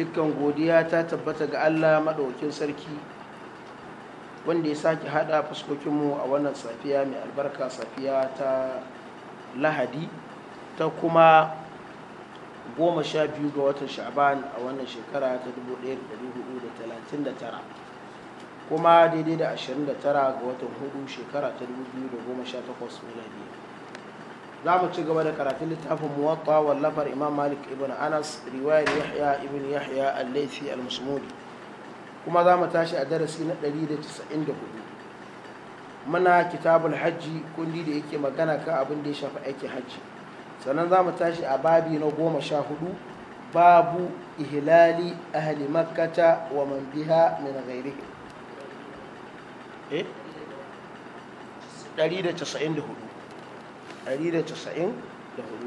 dukkan godiya ta tabbata ga Allah maɗaukin sarki wanda ya sake haɗa fuskokinmu a wannan safiya mai albarka safiya ta lahadi ta kuma goma sha biyu ga watan sha'ban a wannan shekara ta 1439 kuma daidai da 29 ga watan hudu shekara ta 2018 miladiyya za mu ci gaba da karatun littafin muwatta wallafar imam malik ibn anas riwayar yahya ibn yahya al-laythi al-musmudi kuma za mu tashi a darasi na 194 muna kitabul hajji kundi da yake magana kan abin da ya shafa aikin hajji sannan za mu tashi a babi na goma sha hudu babu ihlali ahli makkata wa man biha min ghairihi eh 194 194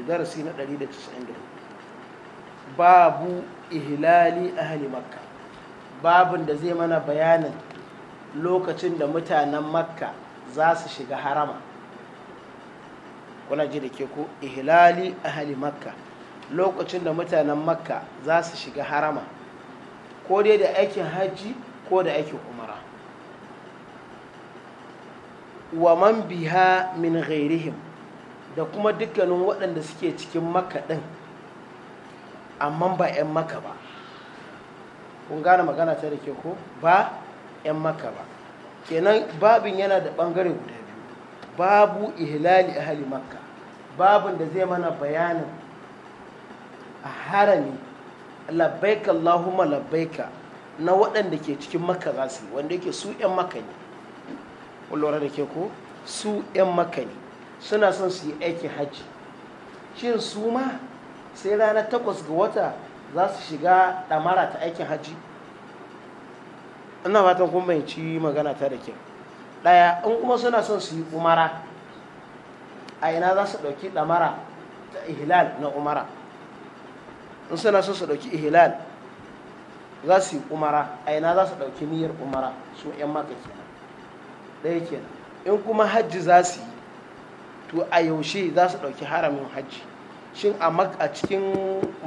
darasi na 194 babu ihlali ahli makka babin da zai mana bayanin lokacin da mutanen makka za su shiga harama kuna ji da ke ko ihlali ahli makka lokacin da mutanen makka za su shiga harama ko dai da aikin hajji ko da aikin umara wa man biha min ghairihim da kuma dukkanin waɗanda suke cikin maka ɗin amma ba 'yan maka ba kun gane magana ta da ke ko ba 'yan maka ba kenan babin yana da ɓangare guda biyu babu ihlali hali makka babin da zai mana bayanin a harami labbaika allahumma labbaika na waɗanda ke cikin makka za su wanda yake su 'yan maka ne da ke ko su 'yan makani ne suna son su yi aikin hajji shin su ma sai ranar takwas ga wata za su shiga ɗamara ta aikin hajji ina fatan kun bayanci magana ta da kyau ɗaya in kuma suna son su yi umara a ina za su ɗauki ɗamara ta ihilal na umara in suna son su ɗauki ihilal za su yi umara a ina za su ɗauki niyyar umara su 'yan maka kenan ɗaya kenan in kuma hajji za su yi to a yaushe za su ɗauki haramin hajji shin a cikin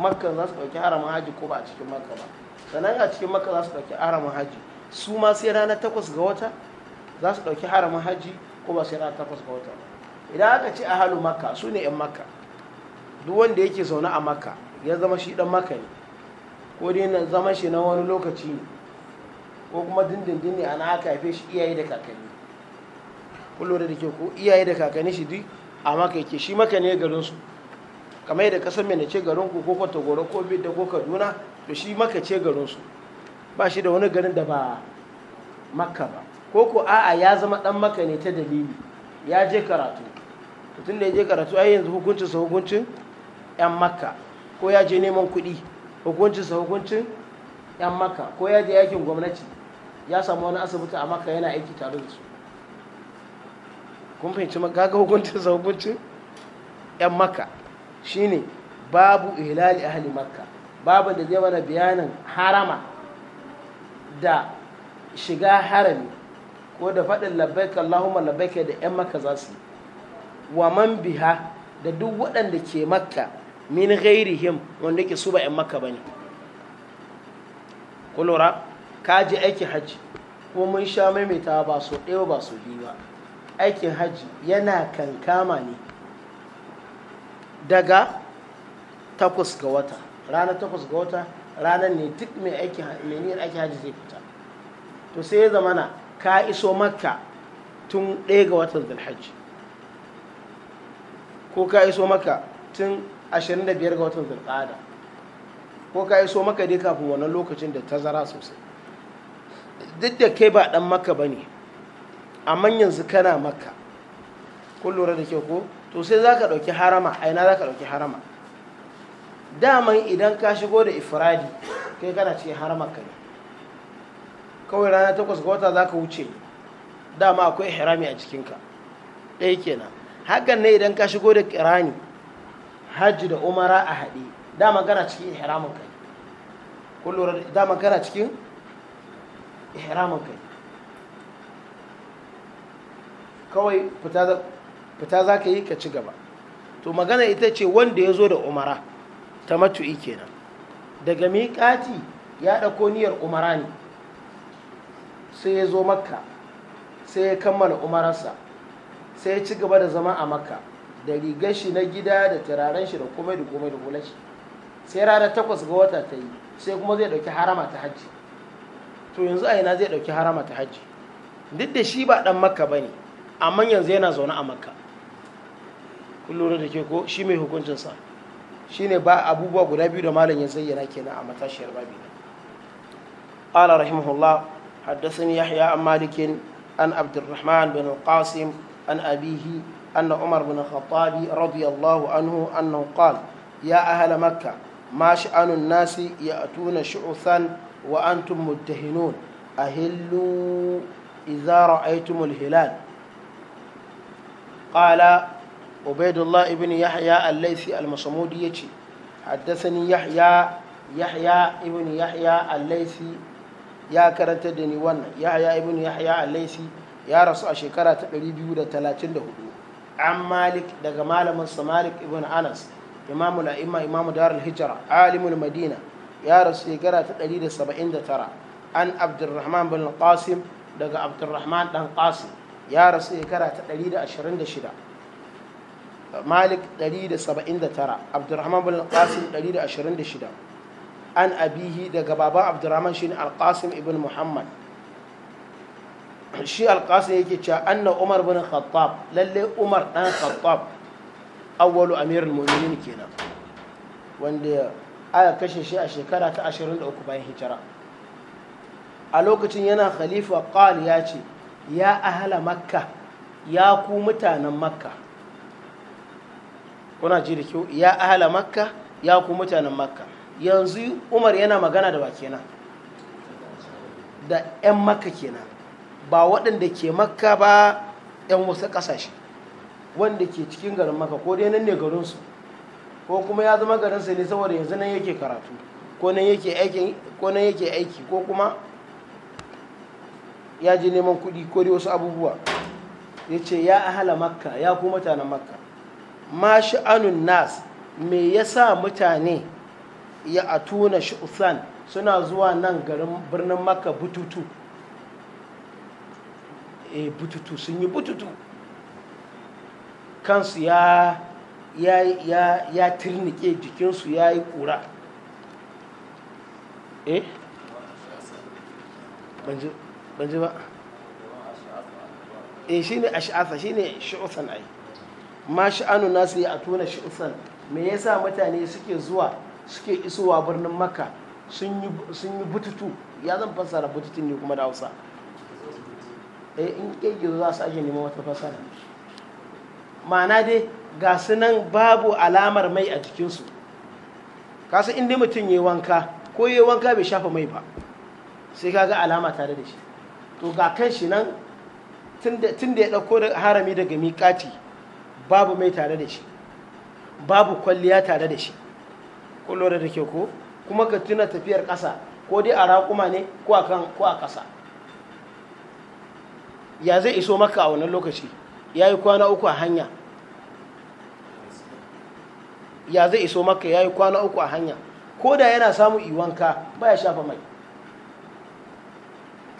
makka za su ɗauki haramin hajji ko ba a cikin makka ba sannan a cikin makka za su ɗauki haramin hajji su ma sai rana takwas ga wata za su ɗauki haramin hajji ko ba sai rana takwas ga wata idan aka ce halu makka su ne 'yan makka duk wanda yake zaune a makka ya zama shi ɗan makka ne ko dai na zama shi na wani lokaci ne ko kuma dindindin ne ana aka haife shi iyaye da kakanni kullum da ke ko iyaye da kakanni shi duk a maka yake shi maka ne garinsu kamar yadda kasar mai ce garinku ko ko kwatagoro ko da ko kaduna to shi maka ce garinsu ba shi da wani garin da ba maka ba ko ko a'a ya zama dan maka ne ta dalili ya je karatu tun da ya je karatu ai yanzu hukuncinsa hukuncin yan makka ko ya je neman kuɗi hukuncinsa hukuncin yan makka ko ya je yakin gwamnati ya samu wani asibiti a makka yana aiki tare da su kun fahimci maka ga hukuncin sa hukuncin yan maka shine babu ihlali ahli makka babu da zai mana bayanin harama da shiga harami ko da faɗin labbaik Allahumma labbaik da yan maka za su wa man biha da duk waɗanda ke makka min ghairihim wanda ke su ba yan makka bane ku lura ka je aiki hajji ko mun sha maimaita ba so ɗaya ba so biyu ba aikin hajji yana kankama ne daga takwas ga wata ranar takwas ga wata ranar ne duk mai niyyar aiki hajji zai fita to sai ya zamana ka iso makka tun ɗaya ga watan zulhajji ko ka iso maka tun 25 ga watan zulqa'ada ko ka iso maka dai kafin wannan lokacin da tazara sosai duk da kai ba dan maka bane amma yanzu kana makka kun lura da ke ko to sai za ka ɗauki harama a ina za ka ɗauki harama daman idan ka shigo da ifradi kai kana cikin haramar ka ne kawai rana takwas ga wata za ka wuce dama akwai harami a cikinka ɗaya kenan hakan ne idan ka shigo da kirani hajji da umara a haɗe dama kana cikin ihramin kai kullum dama kana cikin ihramin kai kawai fita za ka yi ka ci gaba to magana ita ce wanda ya zo da umara ta matu'i kenan daga miƙati ya ɗauko niyyar umara ne sai ya zo makka sai ya kammala umararsa sai ya ci gaba da zama a makka da rigar shi na gida da turaren shi da komai da komai da kula shi sai ranar takwas ga wata ta yi sai kuma zai ɗauki harama ta hajji to yanzu a ina zai ɗauki harama ta hajji duk da shi ba ɗan makka ba ne Aman yanzu yana zaune a makka kullum da ke ko shi mai hukuncinsa shine ne ba abubuwa guda biyu da malam ya zayyana kenan a matashiyar babi na ala rahimahullah haddasan yahya an malikin an abdurrahman bin qasim an abihi anna umar bin khattabi radiyallahu anhu annahu qala ya ahla makka ma sha'anu nasi ya'tuna shu'than wa antum muttahinun a idza ra'aytum al-hilal qala ubaidullah ibn yahya al-laisi al-masamudi yace haddathani yahya yahya ibn yahya al-laisi ya karanta da ni wannan yahya ibn yahya al-laisi ya rasu a shekara ta 234 an malik daga malamin sa malik ibn anas imamu la'imma imamu darul hijra alimul madina ya rasu shekara ta 179 an abdurrahman bin qasim daga abdurrahman dan qasim ya rasu shekara ta 126 malik 179 abdurrahman bin qasim 126 an abihi daga baban abdurrahman shine alqasim ibn muhammad shi alqasim yake cewa anna umar bin khattab lalle umar dan khattab awwalu amirul mu'minin kenan wanda aka kashe shi a shekara ta 23 bayan hijira a lokacin yana khalifa qal ya ce ya ahala makka ya ku mutanen makka kuna ji da kyau ya ahala makka ya ku mutanen makka yanzu umar yana magana da wa da 'yan makka kenan ba waɗanda ke makka ba 'yan wasu ƙasashe wanda ke cikin garin makka ko dai nan ne garinsu ko kuma ya zama garinsa ne saboda yanzu nan yake karatu ko nan yake aiki ko kuma ya je neman kuɗi ko dai wasu abubuwa ya ce ya ahala makka ya ku mutanen makka ma sha'anun nas me yasa mutane ya atuna usan suna zuwa nan garin birnin makka bututu e bututu sun yi bututu kansu ya ya ya ya tirnike jikinsu ya yi ƙura eh? ban ji ba a eh, shine ash'asa shine shu'san ai ma sha'anu nasu ya atuna shu'san me yasa mutane suke zuwa suke isowa birnin makka sun yi bututu ya zan fassara bututun ne kuma da hausa eh in kirgizo za su ake neman wata fassara ma'ana dai ga su nan babu alamar mai a jikinsu kasu inda mutum ya wanka ko ya wanka bai shafa mai ba sai kaga alama tare da shi to ga kan shi nan tun da ya ɗauko harami daga miƙati babu mai tare da shi babu kwalliya tare da shi kullum da ke ko kuma ka tuna tafiyar ƙasa ko dai a raƙuma ne ko a kan ko a ƙasa ya zai iso maka a wannan lokaci ya yi kwana uku a hanya ya zai iso maka ya yi kwana uku a hanya ko da yana samun iwanka ba ya shafa mai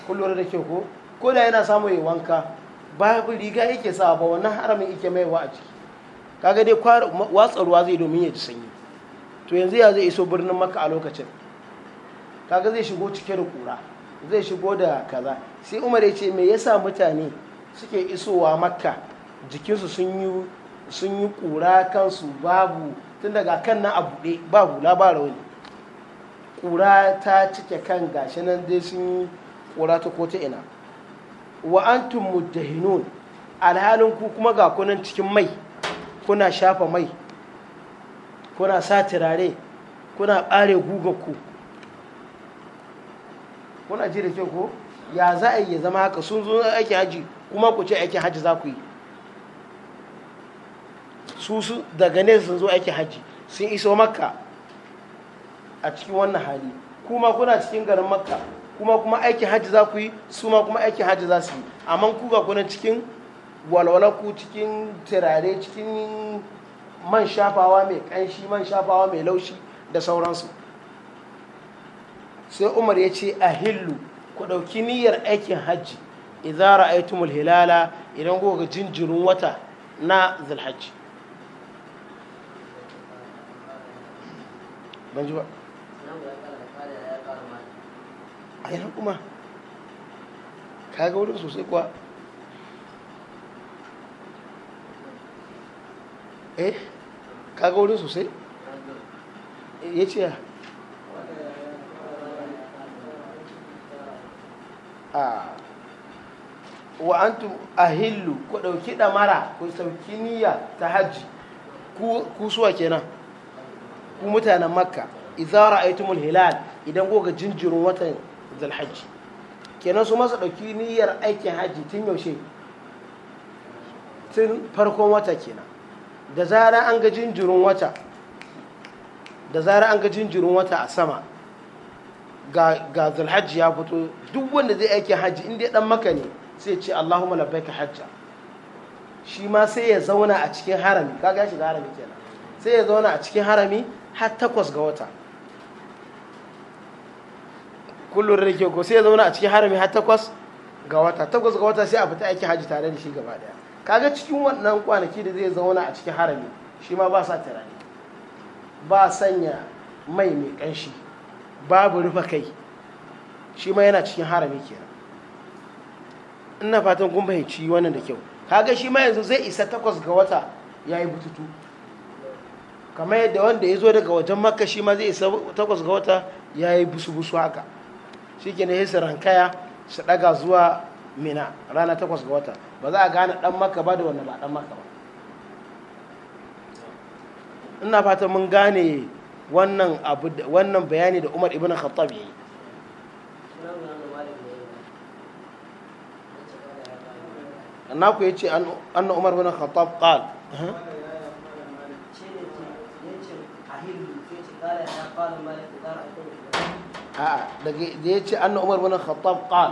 kullum da ke ko ko da yana samu yi wanka babu riga yake sa ba wannan haramin yake wa a ciki kaga dai watsa ruwa zai domin ya ji sanyi to yanzu ya zai iso birnin maka a lokacin kaga zai shigo cike da kura zai shigo da kaza sai umar ya ce me yasa mutane suke isowa maka jikinsu sun yi sun kura kansu babu tun daga kan na a buɗe ba hula ba rauni kura ta cike kan gashi nan dai sun yi ƙura ta ko ta ina wa antum muddahinun alhalin ku kuma ga kunan cikin mai kuna shafa mai kuna sa turare kuna ɓare ku kuna ji da kyau ko ya za a yi ya zama haka sun zo aiki haji kuma ku ce aikin haji za ku yi su su daga ne sun zo aikin haji sun iso makka a cikin wannan hali kuma kuna cikin garin makka kuma kuma aikin hajji za ku yi su ma kuma aikin hajji za su yi amma ku ga kuna cikin walwala ku cikin tirare cikin man shafawa mai ƙanshi man shafawa mai laushi da sauransu sai umar ya ce a hillu ku ɗauki niyyar aikin hajji idan ra'aitumul hilala idan kuka jinjirin wata na zulhajji a yana kuma kaga wurin sosai kuwa eh kaga wurin sosai ya ce ya a wa'antum ahillu ku ɗauki ɗamara ku sauki niyya ta hajji ku suwa kenan ku mutanen makka Izara ra'aytumul hilal idan goga jinjirin watan zulhajji kenan su masu ɗauki niyyar aikin hajji tun yaushe tun farkon wata kenan da zara an ga jinjirin wata da zara an ga jinjirin wata a sama ga zulhajji ya fito duk wanda zai aikin hajji inda ya dan maka ne sai ce allahumma labbaika hajja shi ma sai ya zauna a cikin harami kaga da harami kenan sai ya zauna a cikin harami har takwas ga wata kullum da ke ko sai ya zauna a cikin harami har takwas ga wata takwas ga wata sai a fita aiki haji tare da shi gaba daya kaga cikin wannan kwanaki da zai zauna a cikin harami shi ma ba sa turare ba sanya mai mai kanshi babu rufe kai shi ma yana cikin harami kenan ina fatan kun fahimci wannan da kyau kaga shi ma yanzu zai isa takwas ga wata ya yi bututu kamar yadda wanda ya zo daga wajen makka shi ma zai isa takwas ga wata ya yi busu-busu haka shi ke na su rankaya su daga zuwa mina rana takwas ga wata ba za a gane dan maka ba da wanda ba dan maka ba ina fata mun gane wannan abu wannan bayani da umar ibn khattab yi na ku yace anna umar ibn khattab qal قال a'a da ya ce anna umar bin khattab qal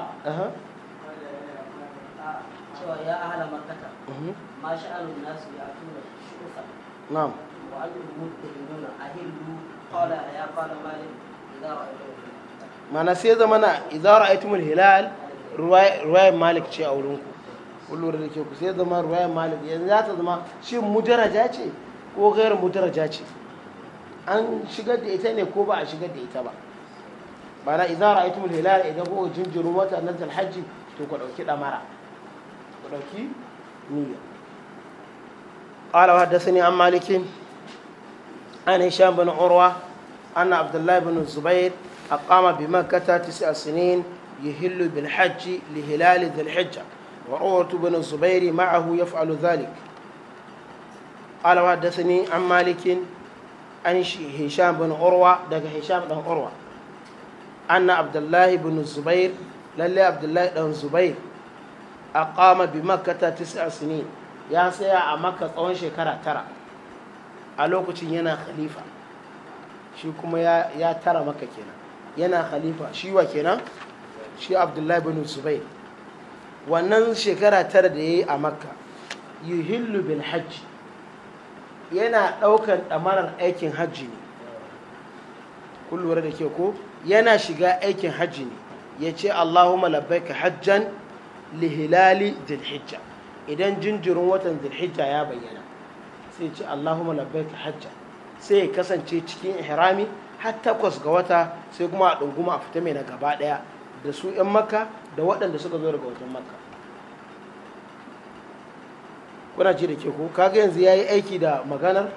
cewa ya mhm. ya tura na'am ya mana sai zama na idza ra'aytumul hilal ruwaya malik ce a wurinku. kullum da ke ku sai zama ruwaya malik yanzu za ta zama shi mudaraja ce ko gairar mudaraja ce an shigar da ita ne ko ba a shigar da ita ba bana idan ra'aytu al-hilal idan ku jinjiru wata na tal hajji to ku dauki damara ku dauki niyya qala wa hadathani am malik an hisham bin urwa anna abdullah bin zubayr aqama bi makkah tis'a sinin yahillu bil hajji li hilal dhil hajja wa urwa bin zubayr ma'ahu yaf'alu dhalik qala wa hadathani am malik an hisham bin urwa daga hisham dan urwa anna abdullahi bin zubair lalle abdullahi dan zubair a kama bi makata tis'a sini. ya tsaya a makka tsawon shekara tara a lokacin yana khalifa shi kuma ya tara Makka kenan yana khalifa shi wa kenan shi abdullahi bin zubair wannan shekara tara da ya yi a makka yuhillu bil hajji yana ɗaukar ɗamarar aikin hajji ne kun da ke ko yana shiga aikin hajji ne ya ce allahumma labbaika hajjan lihilali zilhijja idan jinjirin watan zilhijja ya bayyana sai ce allahumma labbaika hajjan sai ya kasance cikin ihrami har takwas ga wata sai kuma a ɗunguma a fita mai na gaba ɗaya da su 'yan makka da waɗanda suka zo daga wajen makka kuna ji da ke ko kaga yanzu ya yi aiki da maganar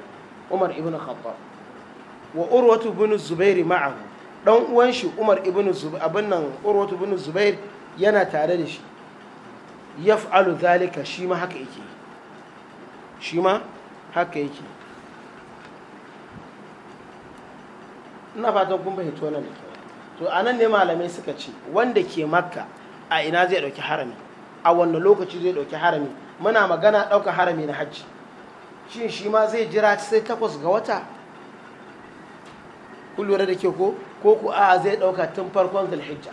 umar ibn khattab wa urwatu bin zubairi ma'ahu Ɗan uwan shi Umar ibn Zubair abin nan Urwatu ibn Zubair yana tare da shi ya Alu zalika shi ma haka yake shi ma haka yake ina fatan kun fahimci wannan da to a nan ne malamai suka ce wanda ke makka a ina zai ɗauki harami a wannan lokaci zai ɗauki harami muna magana dauka harami na hajji shin shi ma zai jira sai takwas ga wata kun da ke ko ko ku a zai ɗauka tun farkon zulhijja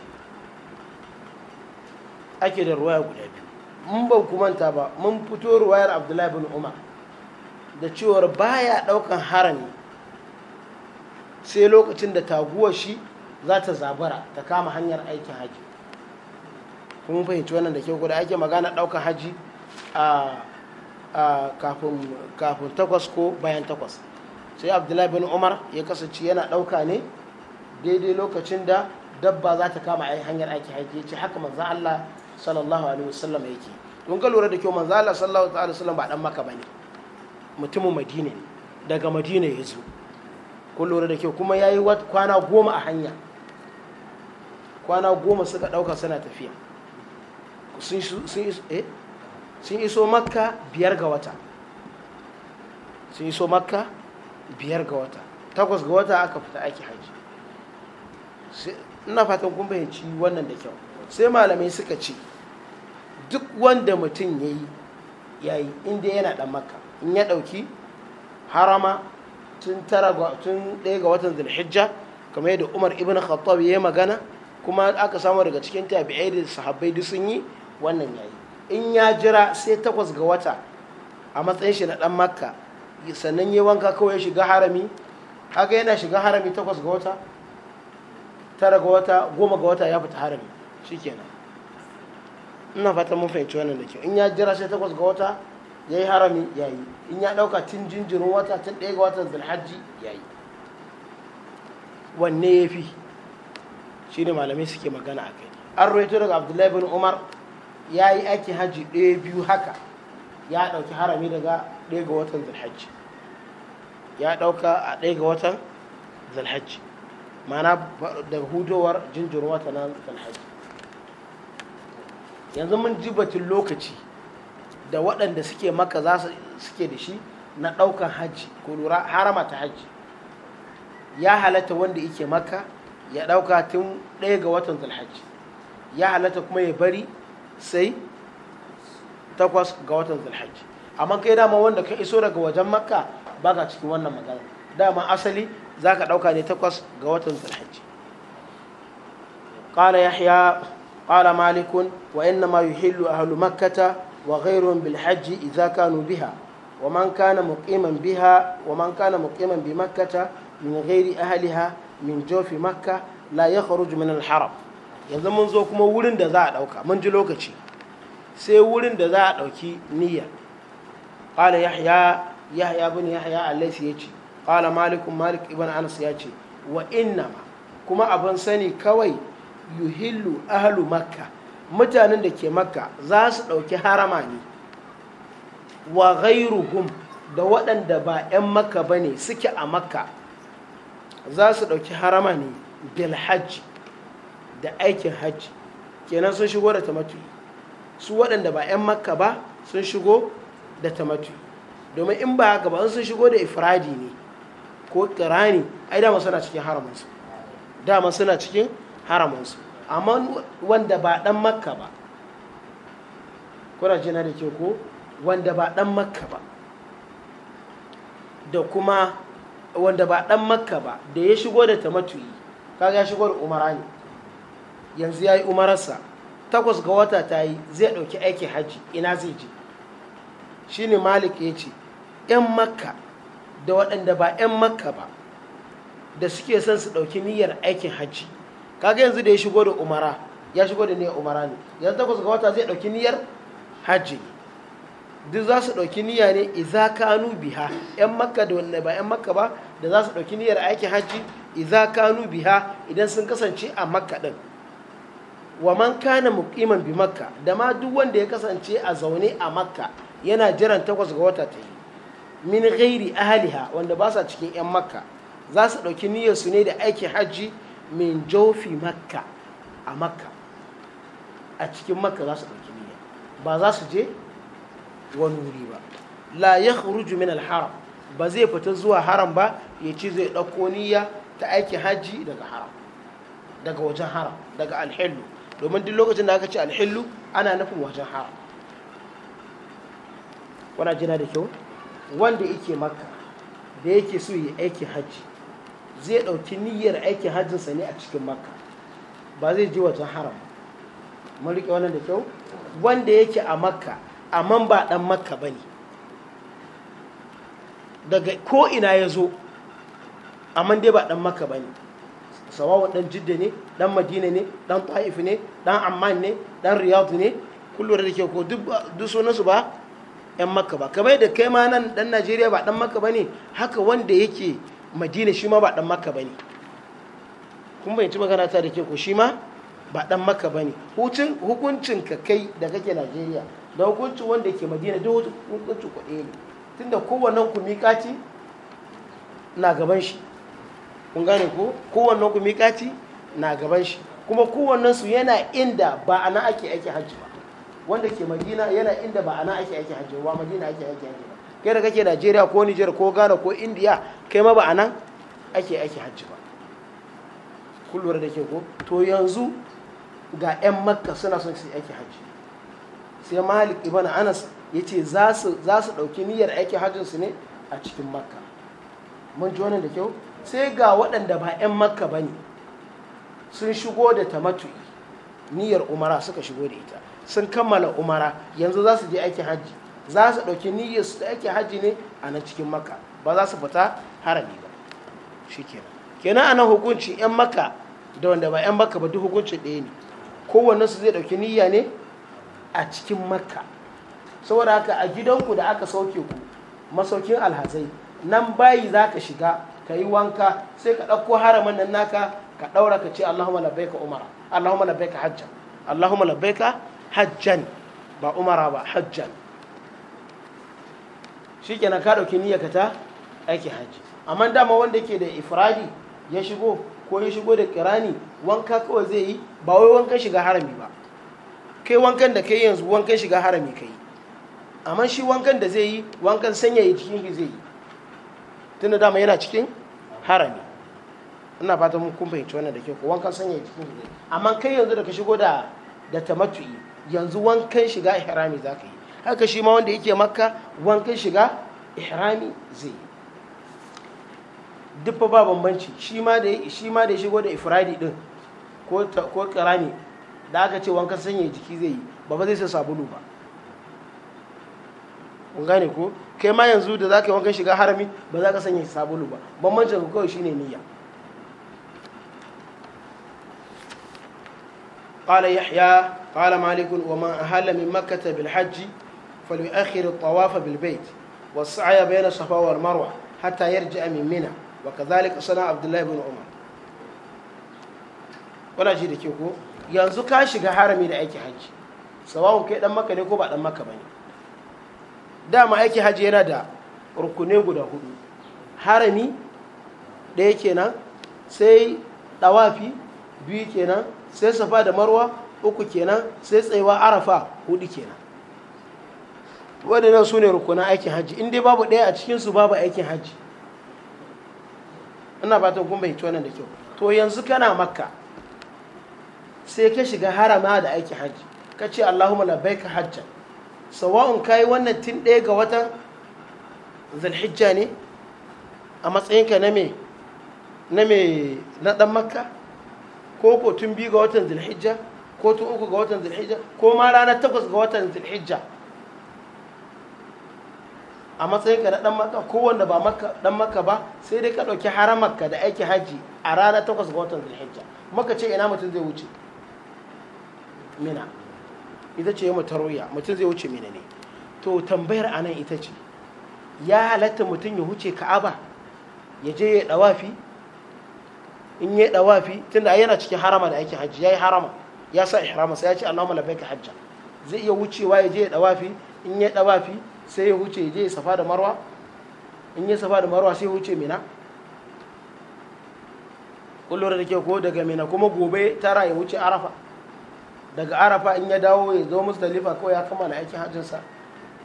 ake da ruwaya guda biyu mun ba ku manta ba mun fito ruwayar abdullahi bin umar da cewar baya ɗaukan harami sai lokacin da taguwar shi za ta zabara ta kama hanyar aikin haji kun fahimci wannan da ke guda ake magana ɗaukan haji a kafin takwas ko bayan takwas sai abdullahi bin umar ya kasance yana ɗauka ne daidai lokacin da dabba za ta kama ai hanyar aiki haiki ce haka manzo Allah sallallahu alaihi wasallam yake don ka lura da kyau manzo Allah sallallahu alaihi wasallam ba dan maka bane mutumin Madina ne daga Madina ya zo kun lura da kyau kuma yayi kwana goma a hanya kwana goma suka dauka suna tafiya eh? sun iso makka biyar ga wata sun iso makka biyar ga wata takwas ga wata aka fita aiki haji ina fatan kun bayyanci wannan da kyau sai malamai suka ce duk wanda mutum ya yi yayi inda yana dan makka in ya dauki harama tun tara tun ɗaya ga watan zulhijja kamar yadda umar ibn khattab ya yi magana kuma aka samu daga cikin tabi'ai da sahabbai duk sun yi wannan ya in ya jira sai takwas ga wata a matsayin shi na dan makka sannan ya wanka kawai ya shiga harami haka yana shiga harami takwas ga wata tara ga wata goma ga wata ya fita harami shikenan ina fata mun fahimci wannan da kyau in ya jira sai takwas ga wata ya yi harami ya yi in ya ɗauka tun jinjirin wata tun ɗaya ga watan zulhajji ya yi wanne ya fi shi ne malamai suke magana a kai an roito daga abdullahi bin umar ya yi aikin hajji ɗaya biyu haka ya ɗauki harami daga ɗaya ga watan zulhajji ya ɗauka a ɗaya ga watan zulhajji mana da hudowar jinjirin wata nan alhaji yanzu mun ji batun lokaci da waɗanda suke maka za su suke da shi na ɗaukan hajji ko lura harama ta hajji ya halatta wanda yake maka ya ɗauka tun ɗaya ga watan zulhajji ya halatta kuma ya bari sai takwas ga watan zulhajji amma kai dama wanda ka iso daga wajen makka baka cikin wannan magana dama asali za ka ɗauka ne takwas ga watan zulhajji ƙala yahya ƙala malikun wa inna ma yuhillu ahlu makkata wa ghairuhum bil hajji idza kanu biha wa man kana muqiman biha wa man kana muqiman bi makkata min ghairi ahliha min jofi makka la yakhruju min al haram yanzu mun zo kuma wurin da za a ɗauka mun ji lokaci sai wurin da za a ɗauki niyya ƙala yahya yahya bin yahya allaisi ya ce qala malikun malik ibn anas ya ce wa innama kuma abin sani kawai yuhillu ahlu makka mutanen da ke makka za su ɗauki harama ne wa ghairuhum da waɗanda ba 'yan makka ba ne suke a makka za su ɗauki harama ne bil hajji da aikin hajji kenan sun shigo da tamatu su waɗanda ba 'yan makka ba sun shigo da tamatu domin in ba haka ba sun shigo da ifradi ne ko kirani ai dama suna cikin haramunsu dama suna cikin haramunsu amma wanda ba dan makka ba kuna jina da ke ko wanda ba dan makka ba da kuma wanda ba dan makka ba da ya shigo da tamatuyi kaga ya shigo da umara ne yanzu ya yi umararsa takwas ga wata ta yi zai ɗauki aiki hajji ina zai je shi ne malik ya ce 'yan makka da waɗanda ba 'yan makka ba da suke son su ɗauki niyyar aikin hajji kaga yanzu da ya shigo da umara ya shigo da niyyar umara ne yanzu takwas ga wata zai ɗauki niyyar hajji duk za su ɗauki niyya ne iza kanu biha 'yan makka da wanda ba 'yan makka ba da za su ɗauki niyyar aikin hajji iza kanu biha idan sun kasance a makka ɗin wa man kana muqiman bi makka da ma duk wanda ya kasance a zaune a makka yana jiran takwas ga wata ta yi min ghairi ahaliha wanda ba sa cikin yan makka za su ɗauki niyyar su ne da aikin hajji min jofi makka a makka a cikin makka za su ɗauki niyya ba za su je wani wuri ba la yakhruju min haram ba zai fita zuwa haram ba ya ci zai ɗauko niyya ta aikin hajji daga haram daga wajen haram daga alhillu domin duk lokacin da aka ce alhillu ana nufin wajen haram wana jina da kyau wanda yake maka da yake so yi aiki hajji zai ɗauki niyyar aikin hajjinsa ne a cikin maka ba zai ji wajen haram mun riƙe wannan da kyau wanda yake a makka amma ba ɗan makka ba ne daga ko ina ya zo amma dai ba ɗan makka ba ne sawawun ɗan jidda ne ɗan madina ne dan ta'if ne dan amman ne ɗan riyadu ne kullum da ke ko duk sunansu ba 'yan makka ba kamar da kai ma nan dan najeriya ba dan makka ba ne haka wanda yake madina shi ma ba dan makka ba ne kun bayyanci magana ta da ke ko shi ma ba dan makka ba ne hukuncin ka kai da kake najeriya da hukuncin wanda ke madina duk hukuncin ku ɗaya ne tunda kowannen ku miƙaci na gaban shi kun gane ko kowannen ku miƙaci na gaban shi kuma kowannen su yana inda ba ana ake aiki hajji ba wanda ke madina yana inda ba ana ake aikin hajji wa madina ake ake hajji ba kai da kake najeriya ko niger ko ghana ko india kai ma ba a nan ake aiki hajji ba kun da ke ko to yanzu ga 'yan makka suna son su aiki hajji sai malik ibn anas ya ce za su ɗauki niyyar aiki hajjinsu ne a cikin makka mun ji wannan da kyau sai ga waɗanda ba 'yan makka ba ne sun shigo da tamatu niyyar umara suka shigo da ita sun kammala umara yanzu za su je aikin hajji za su ɗauki niyyar su da aikin hajji ne a nan cikin maka ba za su fita harami ba shi kenan kenan anan hukuncin 'yan maka da wanda ba 'yan maka ba duk hukuncin ɗaya ne kowanne su zai ɗauki niyya ne a cikin makka saboda haka a gidanku da aka sauke ku masaukin alhazai nan bayi za ka shiga ka yi wanka sai ka ɗauko haramin nan naka ka ɗaura ka ce allahumma labbaika umara allahumma labbaika hajja allahumma labbaika hajjan ba umara ba hajjan shi kenan ka ɗauki ka ta aiki hajji amma dama wanda ke da ifradi ya shigo ko ya shigo da kirani wanka kawai zai yi ba wai wankan shiga harami ba kai wankan da kai yanzu wankan shiga harami ka yi amma shi wankan da zai yi wankan sanyaya jikin shi zai yi tunda dama yana cikin harami ina fata mun kun fahimci wannan da ke ko wankan sanyaya jikin shi zai yi amma kai yanzu da ka shigo da da tamattu'i yanzu wankan shiga ihrami za ka yi haka shi ma wanda yake makka wankan shiga ihrami zai yi duk ba bambanci shi ma da shi ma da shigo da ifradi din ko ko karami da aka ce wankan sanya jiki zai yi ba zai sa sabulu ba kun gane ko kai ma yanzu da zaka yi wankan shiga harami ba za ka sanya sabulu ba bambancin kawai shine niyya قال يحيى قال مالك ومن أهل من مكة بالحج فليؤخر الطواف بالبيت والسعي بين الصفا والمروة حتى يرجع من منى وكذلك صنع عبد الله بن عمر ولا شيء da ko yanzu ka shiga harami da aiki haji sawawun kai dan maka ne ko ba dan maka bane dama aiki haji yana da rukune guda hudu harami ɗaya kenan sai ɗawafi biyu kenan sai safa da marwa uku kenan sai tsayawa arafa hudu kenan waɗannan su ne rukunan aikin hajji in dai babu ɗaya a cikinsu babu aikin hajji ina ba ta kun bai da kyau to yanzu kana makka sai ka shiga harama da aikin hajji ka ce bai ka hajja sawa'un ka yi wannan tun ɗaya ga watan zalhijja ne a matsayinka na mai na ɗan makka ko ko tun biyu ga watan zulhijja ko tun uku ga watan zulhijja ko ma ranar takwas ga watan zulhijja a matsayin ka na dan maka ko wanda ba maka dan maka ba sai dai ka dauki haramarka da aiki haji a ranar takwas ga watan zulhijja maka ce ina mutum zai wuce mina ita ce mu tarwiya mutum zai wuce mina ne to tambayar anan ita ce ya halatta mutum ya wuce ka'aba ya je ya dawafi in yi dawafi tun da yana cikin harama da aikin hajji yayi harama ya sa ihrama sai ya ce Allahumma ka hajja zai iya wucewa ya je ya dawafi in yi dawafi sai ya wuce ya je ya safa da marwa in ya safa da marwa sai ya wuce mina kullum da ke ko daga mina kuma gobe tara ya wuce arafa daga arafa in ya dawo ya zo musdalifa ko ya kammala aikin hajjinsa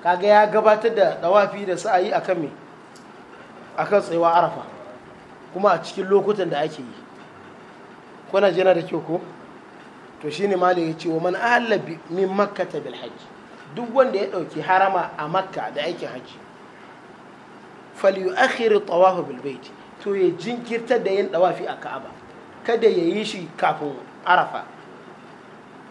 kaga ya gabatar da dawafi da sa'ayi akan me akan tsayuwa arafa kuma a cikin lokutan da ake yi kuna jana da kyau ko to ne mali ya ce wa man ahalla min makka ta bil hajji duk wanda ya ɗauki harama a makka da aikin hajji falyu'akhir tawafu bil bait to ya jinkirta da yin dawafi a ka'aba kada ya yi shi kafin arafa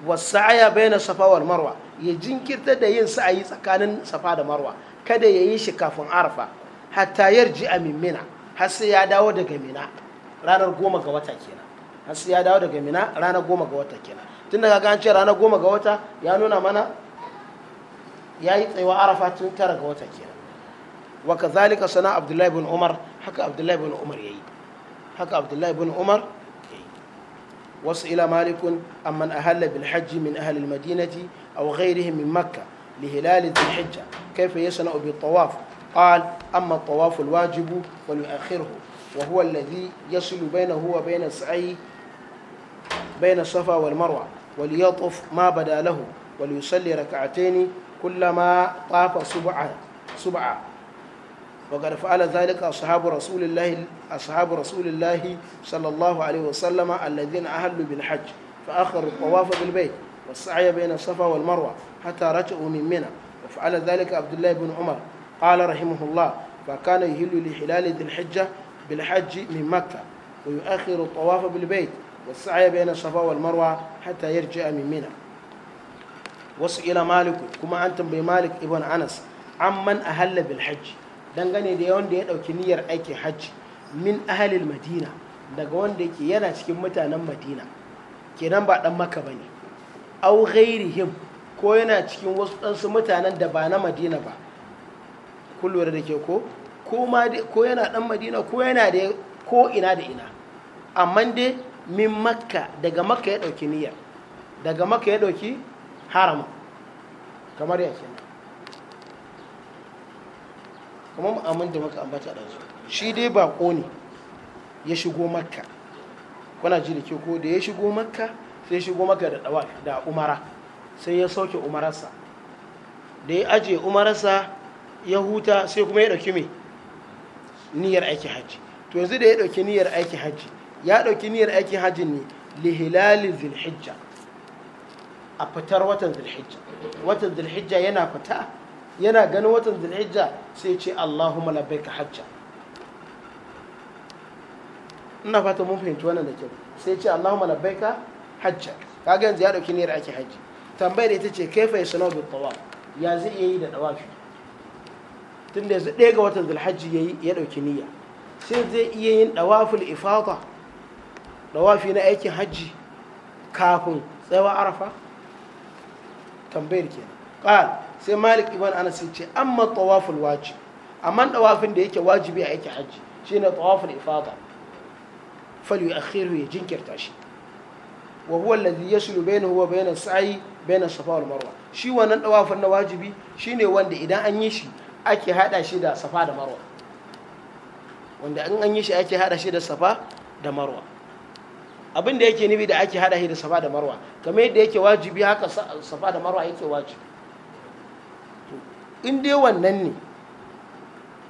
wasa'aya bayna safa wal marwa ya jinkirta da yin sa'ayi tsakanin safa da marwa kada ya yi shi kafin arafa hatta yarji a mina har sai ya dawo daga mina ranar goma ga wata kenan har sai ya dawo daga mina ranar goma ga wata kenan tun daga an ce ranar goma ga wata ya nuna mana ya yi tsayuwa arafa tun tara ga wata kenan wa zalika sana abdullahi bin umar haka abdullahi bin umar ya yi, haka abdullahi bin umar wasu ila malikun وسئل مالك أمن أهل بالحج من أهل المدينة أو غيرهم من مكة لهلال ذي الحجة كيف bi بالطواف قال أما الطواف الواجب فليؤخره وهو الذي يصل بينه وبين السعي بين الصفا والمروة وليطف ما بدا له وليصلي ركعتين كلما طاف سبعة سبعة وقد فعل ذلك أصحاب رسول الله أصحاب رسول الله صلى الله عليه وسلم الذين أهلوا بالحج فأخروا الطواف بالبيت والسعي بين الصفا والمروة حتى رجعوا من منى وفعل ذلك عبد الله بن عمر قال رحمه الله فكان يهل لحلال ذي الحجة بالحج من مكة ويؤخر الطواف بالبيت والسعي بين الصفا والمروة حتى يرجع من منى وسئل مالك كما أنتم بمالك ابن أنس عمن أهل بالحج dangane da yawan da ya ɗauki niyyar aikin hajji min ahalil madina daga wanda yake yana cikin mutanen madina kenan ba ɗan maka ba ne au ghairihim ko yana cikin wasu ɗansu mutanen da ba na madina ba kun lura da ke ko ko yana dan madina ko yana da ko ina da ina amma dai min makka daga makka ya dauki niyyar daga makka ya dauki harama kamar yake kuma mu'amin da muka ambata da su shi dai bako ne ya shigo makka kuna ji da ke ko da ya shigo makka sai ya shigo makka da dawa da umara sai ya sauke umararsa da ya ajiye umararsa ya huta sai kuma ya ɗauki mai niyyar aiki hajji to yanzu da ya ɗauki niyyar aiki hajji ya ɗauki niyyar aiki hajji ne lihilali zilhijja a fitar watan zilhijja watan zilhijja yana fita yana ganin watan zilhijja sai ce malabai ka hajja ina fata mun fahimci wannan da kyau sai ce malabai ka hajja kaga yanzu ya ɗauki niyyar aiki hajji tambayar ita ce kaifa yasnau bi tawaf ya zai iya yi da dawafi tun da yanzu ɗaya ga watan zulhajji ya yi ya ɗauki niyya sai zai iya yin ɗawaful ifata ɗawafi na aikin hajji kafin tsayawa arafa tambayar ke ƙal sai malik ibn anas ce amma tawaful waji. amma ɗawafin da yake wajibi a aikin hajji shine tawaful ifata fal yu'akhiru ya jinkirta shi wa huwa alladhi yaslu bainahu wa bain as-sa'i bain as-safa wal marwa shi wannan ɗawafin na wajibi shine wanda idan an yi shi ake hada shi da safa da marwa wanda in an yi shi ake hada shi da safa da marwa abin da yake nufi da ake hada shi da safa da marwa kamar yadda yake wajibi haka safa da marwa yake wajibi in dai wannan ne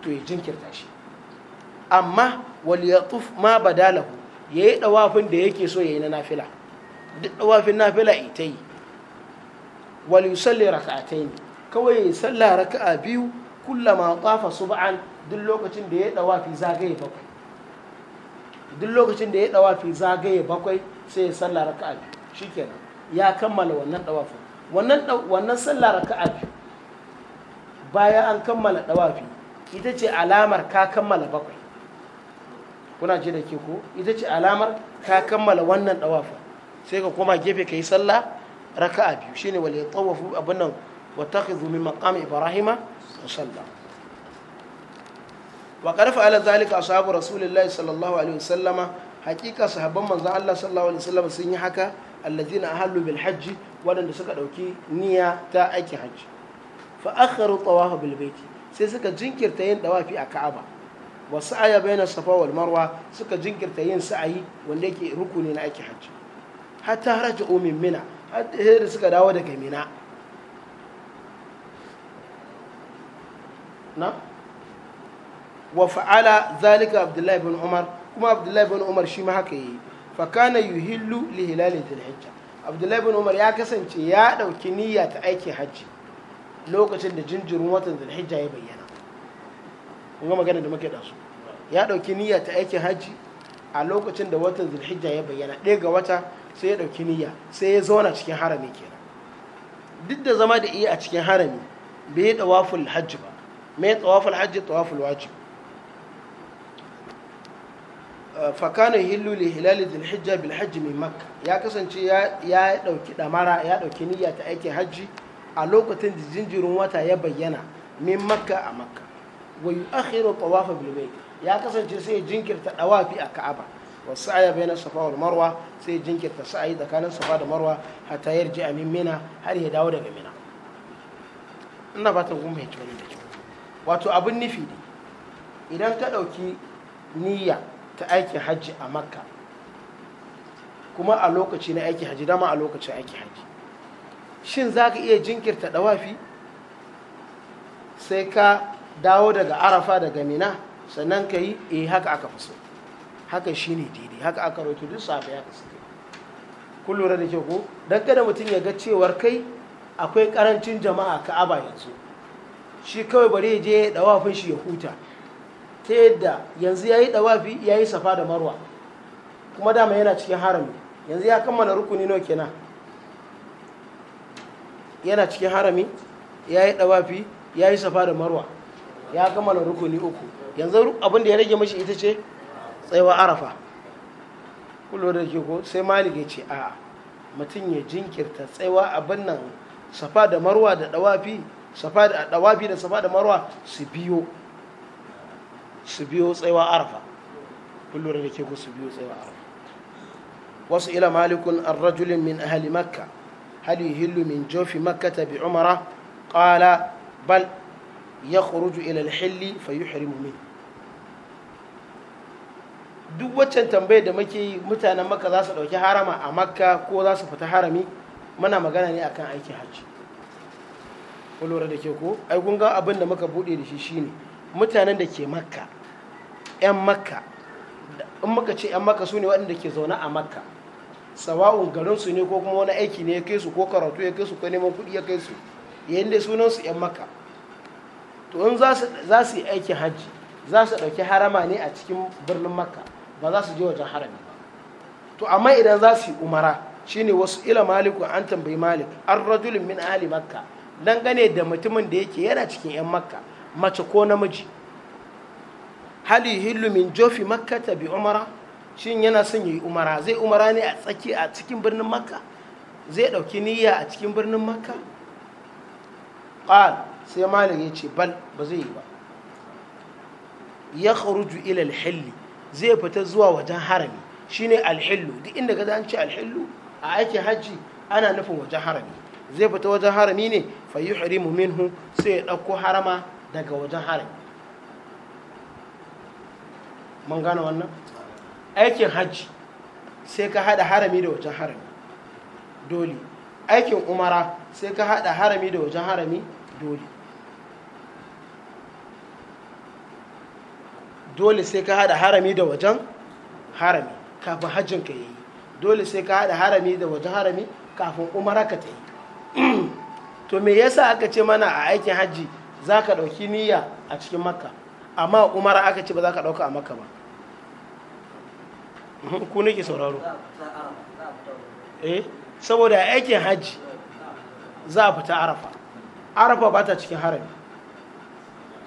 to ya jinkirta shi amma wal yatuf ma badalahu yayi dawafin da yake so yayi na nafila duk dawafin nafila ita yi wal yusalli rak'atayn kawai ya sallah raka'a biyu kullama tafa sub'an duk lokacin da ya dawa fi zagaye bakwai duk lokacin da ya dawa fi zagaye bakwai sai ya sallah raka'a shikenan ya kammala wannan dawafi wannan wannan sallah raka'a bayan an kammala dawafi ita ce alamar ka kammala bakwai kuna ce da ke ko ita ce alamar ka kammala wannan dawafi sai ka koma gefe ka yi sallah raka'a biyu shine wal yatawafu abin nan واتخذوا من مقام إبراهيم مصلى وقد فعل ذلك أصحاب رسول الله صلى الله عليه وسلم حقيقة صحابة من الله صلى الله عليه وسلم سنة حكا الذين أهلوا بالحج ودن سكا دوكي نية تا أيكي حج فأخروا طواه بالبيت سيسكا جنكر تين دوافي أكعبة وسعي بين الصفا والمروة سكا جنكر تين سعي وليكي ركنين أيكي حج حتى رجعوا من منى حتى هير سكا داودك منى na wa fa'ala zalika abdullahi bin umar kuma abdullahi bin umar shi ma haka yi fa kana yuhillu li hilali dhil hajja abdullahi bin umar ya kasance ya dauki niyya ta aikin hajji lokacin da jinjirin watan dhil hajja ya bayyana kun ga magana da muke da su ya dauki niyya ta aikin hajji a lokacin da watan dhil hajja ya bayyana ɗaya ga wata sai ya dauki niyya sai ya zauna cikin harami kenan duk da zama da iya a cikin harami bai yi dawaful hajji ba mai tsawaful hajji tsawaful wajib uh, fakana hillu li hilali dhul hijja min makka ya kasance ya dauki damara ya dauki niyya ta aiki hajji a lokacin da jinjirin wata ya bayyana min makka a makka wa yu'akhiru tawafa bil bayt ya kasance sai ya jinkirta dawafi a ka'aba wa sa'ya bayna safa wal marwa sai jinkirta sa'ayi tsakanin safa da marwa hatta yarji min mina har ya dawo daga mina ina fatan kun fahimci wannan wato abin nufi ne idan ka ɗauki niyya ta aikin hajji a makka kuma a lokaci na aiki hajji dama a lokacin aiki hajji shin za ka iya jinkirta ɗawafi sai ka dawo daga arafa daga mina sannan ka yi eh haka aka fi so haka shi ne daidai haka aka roto duk safe haka suke kun lura da ke ko don kada mutum ya ga cewar kai akwai karancin jama'a aba yanzu shi kawai bare je dawafin shi ya huta ta yadda yanzu ya yi dawafi ya yi safa da marwa kuma dama yana cikin harami yanzu ya kammala rukuni nawa kenan yana cikin harami ya yi dawafi ya yi safa da marwa ya kammala rukuni uku yanzu abin da ya rage mashi ita ce tsayawa arafa kullum da ke ko sai malik ya ce a mutum ya jinkirta tsayawa abin nan safa da marwa da dawafi safa da dawafi da safa da marwa su biyo su biyo tsayawa arafa kullum da ke ku su biyo tsayawa arafa. wasu ila malikun arrajulin min ahli makka hal yuhillu min jofi ta bi umara qala bal yakhruju ila al-hilli fayuhrimu min. duk waccan tambayar da muke yi mutanen makka za su ɗauki harama a makka ko za su fita harami muna magana ne akan aikin hajji kulura da ke ko ai kun ga abin da muka bude da shi shine mutanen da ke makka yan makka in muka ce yan makka su ne waɗanda ke zaune a makka sawa'un garin su ne ko kuma wani aiki ne ya kai su ko karatu ya kai su ko neman kuɗi ya kai su yayin da sunan su yan makka to in za su yi aikin hajji za su ɗauki harama ne a cikin birnin makka ba za su je wajen harami ba to amma idan za su yi umara shine wasu ila maliku an tambayi malik an rajulun min ahli makka dangane da mutumin da yake yana cikin 'yan makka mace ko namiji hali hillu jofi makka ta bi umara shin yana son yi umara zai umara ne a tsaki a cikin birnin makka zai ɗauki niyya a cikin birnin makka ƙal sai malam ya ce bal ba zai yi ba ya kharuju ila alhilli zai fita zuwa wajen harami shine alhillu duk inda ka an alhillu a aikin hajji ana nufin wajen harami zai fita wajen harami ne fa yuhrimu minhu sai ya ɗauko harama daga wajen harami mun gane wannan aikin hajji sai ka haɗa harami da wajen harami dole aikin umara sai ka haɗa harami da wajen harami dole dole sai ka haɗa harami da wajen harami kafin hajjin ka yi dole sai ka haɗa harami da wajen harami kafin umara ka ta yi to me yasa aka ce mana a aikin hajji za ka ɗauki niyya a cikin makka amma umara aka ce ba za ka ɗauka a makka ba ku niki sauraro eh saboda aikin hajji za a fita arafa arafa ba ta cikin harami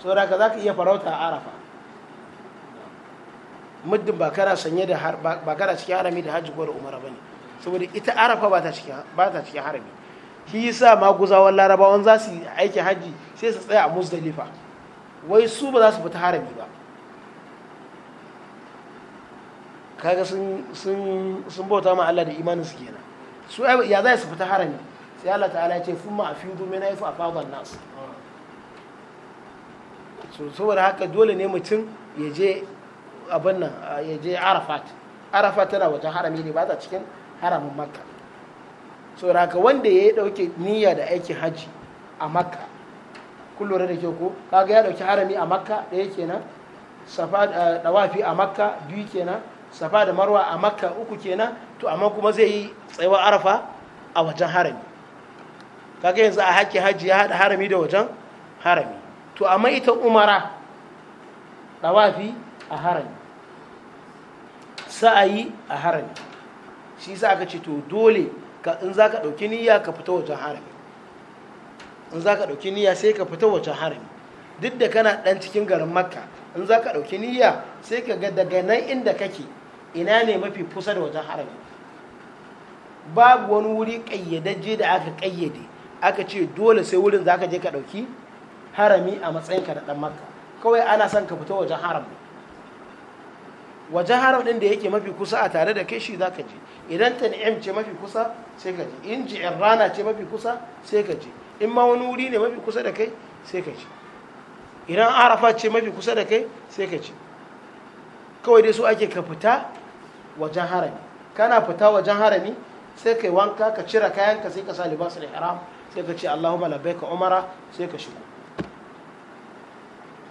saboda ka za ka iya farauta a arafa muddin ba kana sanye da ba kana cikin harami da hajji ko da umara bane saboda ita arafa ba ta cikin harami shi yasa maguzawan larabawan za su aiki hajji sai su tsaya a musdalifa wai su ba za su fita harami ba kaga sun bauta ma Allah da imanin su kenan su ya za su fita harami sai Allah ta'ala ya ce fun ma a afidu min haifu fagon nasu so saboda haka dole ne mutum ya je abin nan ya je Arafat Arafat tana wajen harami ne ba ta cikin haramin Makka so haka wanda ya dauke niyya da aikin haji a makka kullum da ke ko kaga ya dauki harami a makka ɗaya kenan safa eh, dawafi a makka biyu kenan safa da marwa a makka uku kenan to amma kuma zai yi tsayuwar arafa a wajen harami kaga yanzu a haƙƙin haji ya haɗa harami da wajen harami to amma ita umara dawafi a harami sa'ayi a harami shi sa aka ce to dole in za ka ɗauki niyya ka fita wajen harami in za ka ɗauki niyya sai ka fita wajen harami duk da kana ɗan cikin garin makka in za ka ɗauki niyya sai ka ga daga nan inda kake ina ne mafi kusa da wajen harami babu wani wuri ƙayyadajje da aka ƙayyade aka ce dole sai wurin za ka je ka ɗauki harami a matsayinka na ɗan makka kawai ana son ka fita wajen harami wajen haram ɗin da yake mafi kusa a tare da kai shi za ka je idan ta ni'im ce mafi kusa sai ka je in ji rana ce mafi kusa sai ka je in ma wani wuri ne mafi kusa da kai sai ka je idan arafa ce mafi kusa da kai sai ka je kawai dai su ake ka fita wajen harami kana fita wajen harami sai ka yi wanka ka cire kayanka sai ka sa libasul ihram sai ka ce allahumma labbaika umara sai ka shigo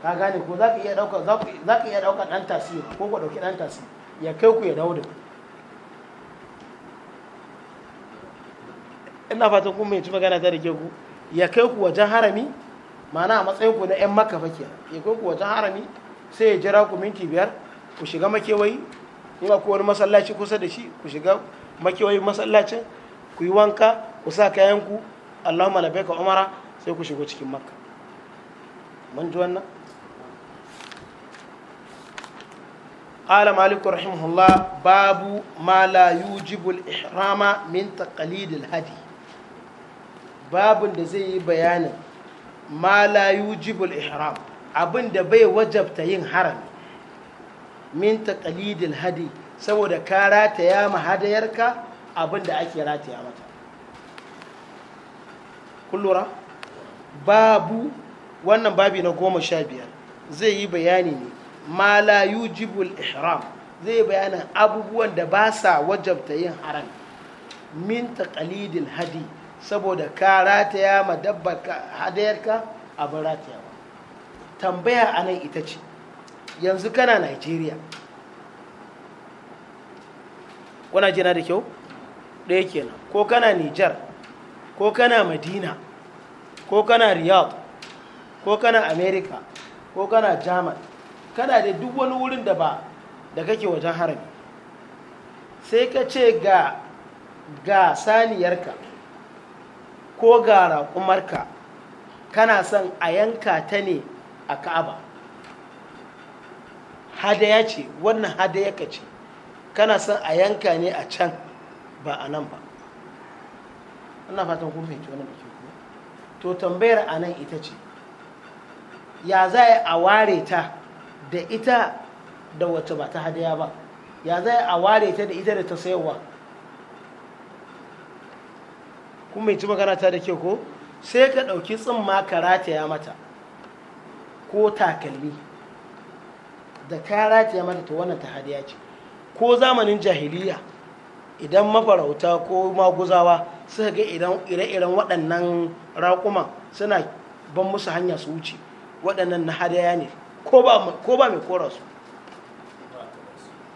ka gane ko za ka iya ɗauka za ka iya ɗan tasi ko ku ɗauki ɗan tasi ya kai ku ya dawo da ina fatan kun mai magana ta da ke ku ya kai ku wajen harami ma'ana a matsayin ku na 'yan maka fakiya ya kai ku wajen harami sai ya jira ku minti biyar ku shiga makewayi ma ko wani masallaci kusa da shi ku shiga makewayi masallacin ku yi wanka ku sa kayan ku allahumma labbaika umara sai ku shigo cikin makka mun ji wannan قال مالك رحمه الله باب ما لا يوجب الإحرام من تقليد الهدي باب da zai yi bayanin ma la yujibul abin da bai wajabta yin haram min taqlidil hadi saboda ka rataya ma hadayarka abin da ake rataya mata kullura babu wannan babi na goma sha biyar zai yi bayani ne ma la yujibul ihram zai bayana abubuwan da ba sa wajabta yin haram min taqalidil hadi saboda ka rataya ma dabbaka hadayarka abin ratayawa tambaya a ita ce yanzu kana Najeriya kuna jina da kyau ɗaya kenan ko kana Nijar ko kana Madina ko kana Riyadh ko kana america ko kana germany kana da duk wani wurin da ba da kake wajen harami sai ka ce ga ga saniyarka ko ga raƙumarka kana son a yanka ta ne a ka'aba hadaya ce wannan hadayaka ce kana son a yanka ne a can ba a nan ba Ana fatan kuma fahimci wannan da ke to tambayar a nan ita ce ya za a ware ta da ita da wata ba ta hadaya ba ya zai a ware ta da ita da ta sayarwa kuma mai ci magana ta da ke ko sai ka ɗauki tsimma ka ya mata ko takalmi da ka rataya mata ta wannan ta hadiya ce ko zamanin jahiliya idan mafarauta ko maguzawa suka ga ire-iren waɗannan raƙuman suna ban musu hanya su wuce waɗannan na hadaya ne ko ba mai kora su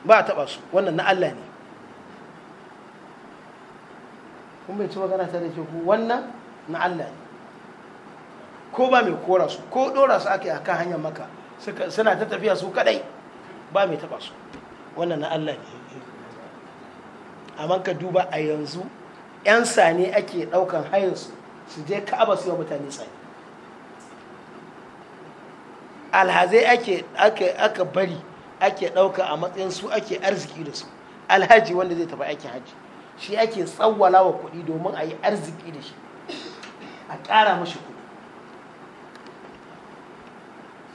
ba a taba su wannan na Allah ne kun bai ci magana ta da ke ku wannan na Allah ne ko ba mai kora su ko dora su aka yi kan hanyar maka suna ta tafiya su kadai ba mai taba su wannan na Allah ne amma ka duba a yanzu 'yan sane ake daukan hayansu su je ka'aba su yi mutane sani alhazai ake aka bari ake ɗauka a matsayin su ake arziki da su alhaji wanda zai tafi aikin haji shi ake tsawwala wa kuɗi domin a yi arziki da shi a ƙara mashi kuɗi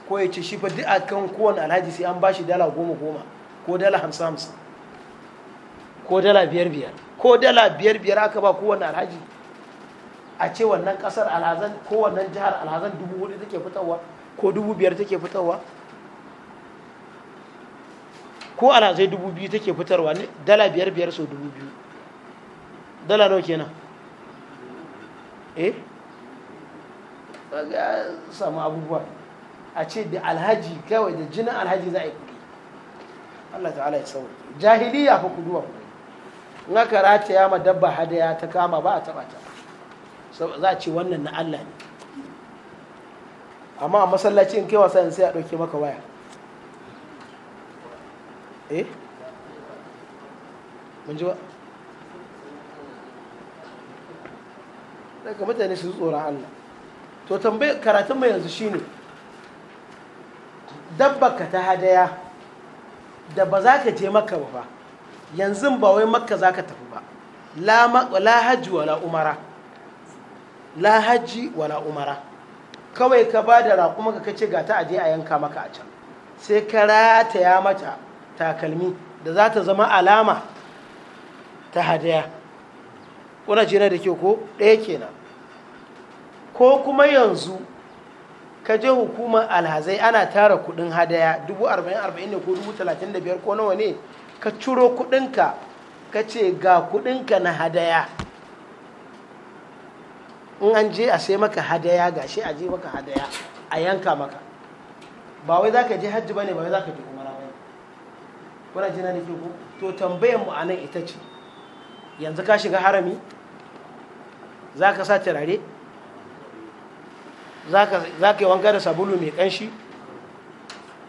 ko ya ce shi fa duk kan kowane alhaji sai an ba shi dala goma goma ko dala hamsin hamsin ko dala biyar biyar ko dala biyar biyar aka ba kowane alhaji a ce wannan ƙasar alhazan kowannen jihar alhazan dubu hudu take fitarwa ko dubu biyar take fitarwa ko sai dubu biyu take fitarwa dala biyar biyar so dubu biyu dala nawa kenan eh ga samu abubuwa a ce da alhaji kawai da jinin alhaji za a yi kudi Allah ta'ala ya sauri jahiliya fa kuduwa kuɗi in aka rataya ma dabba hadaya ta kama ba a taba ta za a ce wannan na Allah ne amma a masallaci in kai wasa in sai a ɗauke maka waya eh mun ji ba daga mutane su tsoron Allah to tambayar karatun mai yanzu shine dabbaka ta hadaya da ba za ka je maka ba fa yanzu ba wai makka za ka tafi ba la hajji wala umara la hajji wala umara kawai ka ba da raƙuma ka kace ga ta aje a yanka maka a can sai ka rataya mata takalmi da za ta zama alama ta hadaya kuna jina da ke ko ɗaya kenan ko kuma yanzu ka je hukumar alhazai ana tara kudin hadaya dubu arba'in ne ko dubu ko nawa ne ka ciro kudinka ka ce ga kudinka na hadaya in an je a sai maka hadaya gashi a je maka hadaya a yanka maka ba wai za ka je hajji ba ne ba wai za ka je umara ba kuna jina da ke ko to tambayar mu a nan ita ce yanzu ka shiga harami za ka sa turare za ka yi wanka da sabulu mai kanshi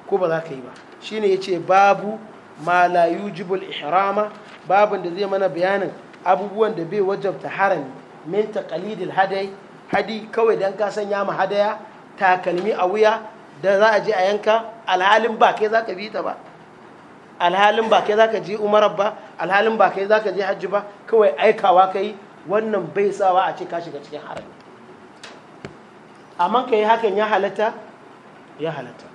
ko ba za ka yi ba shi ne ya ce babu ma la yujibul ihrama babin da zai mana bayanin abubuwan da bai wajabta harami min taqalidil hadai hadi kawai dan ka sanya ma hadaya takalmi a wuya da za a je a yanka alhalin ba kai zaka bi ta ba alhalin ba kai zaka je umara ba alhalin ba kai zaka je hajji ba kawai aikawa kai wannan bai sawa a ce ka shiga cikin harami amma kai hakan ya halatta ya halatta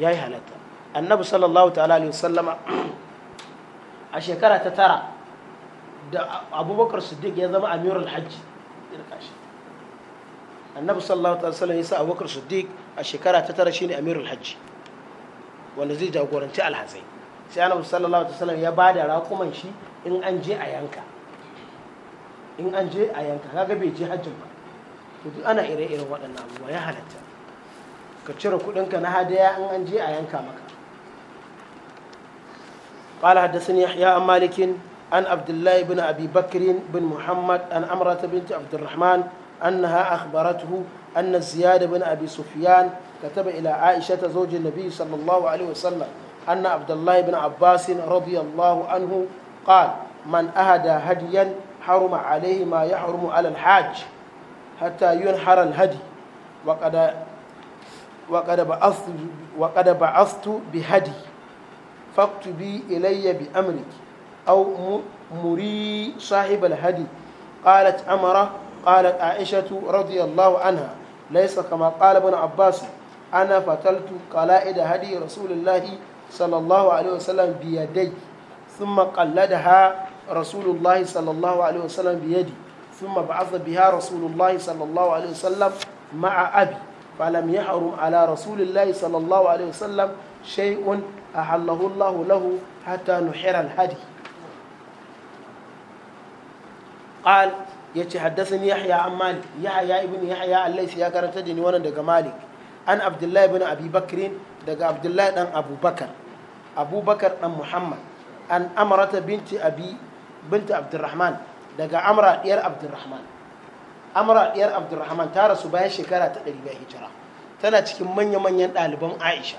ya yi halatta annabi sallallahu ta'ala alaihi wasallama a shekara ta tara da abubakar siddiq ya zama amirul hajji irka annabi sallallahu alaihi wasallam ya sa abubakar siddiq a shekara ta tara shine amirul hajji wanda zai jagoranci alhazai sai annabi sallallahu alaihi wasallam ya bada rakuman shi in an je a yanka in an je a yanka kaga bai je hajjin ba to duk ana ire-iren waɗannan abubuwa ya halatta ka cire kuɗinka na hadaya in an je a yanka maka قال حدثني يحيى عن مالك عن عبد الله بن أبي بكر بن محمد عن أمرة بنت عبد الرحمن أنها أخبرته أن زياد بن أبي سفيان كتب إلى عائشة زوج النبي صلى الله عليه وسلم أن عبد الله بن عباس رضي الله عنه قال من أهدى هديا حرم عليه ما يحرم على الحاج حتى ينحر الهدي وقد وقد بعثت وقد بعثت بهدي فاكتبي إلي بأمرك أو مري صاحب الهدي قالت أمرة قالت عائشة رضي الله عنها ليس كما قال ابن عباس أنا فتلت قلائد هدي رسول الله صلى الله عليه وسلم بيدي ثم قلدها رسول الله صلى الله عليه وسلم بيدي ثم بعث بها رسول الله صلى الله عليه وسلم مع أبي فلم يحرم على رسول الله صلى الله عليه وسلم شيء أحله الله له حتى نحر الهدي qal yace haddathani yahya an malik yahya ibn yahya allaisi ya karanta da الله بن daga malik an abdullahi الله abi ابو daga abdullahi بكر abubakar محمد ان muhammad an ابي بنت عبد الرحمن daga amra diyar الرحمن amra diyar عبد ta rasu bayan shekara ta 100 hijira tana cikin manya-manyan ɗaliban aisha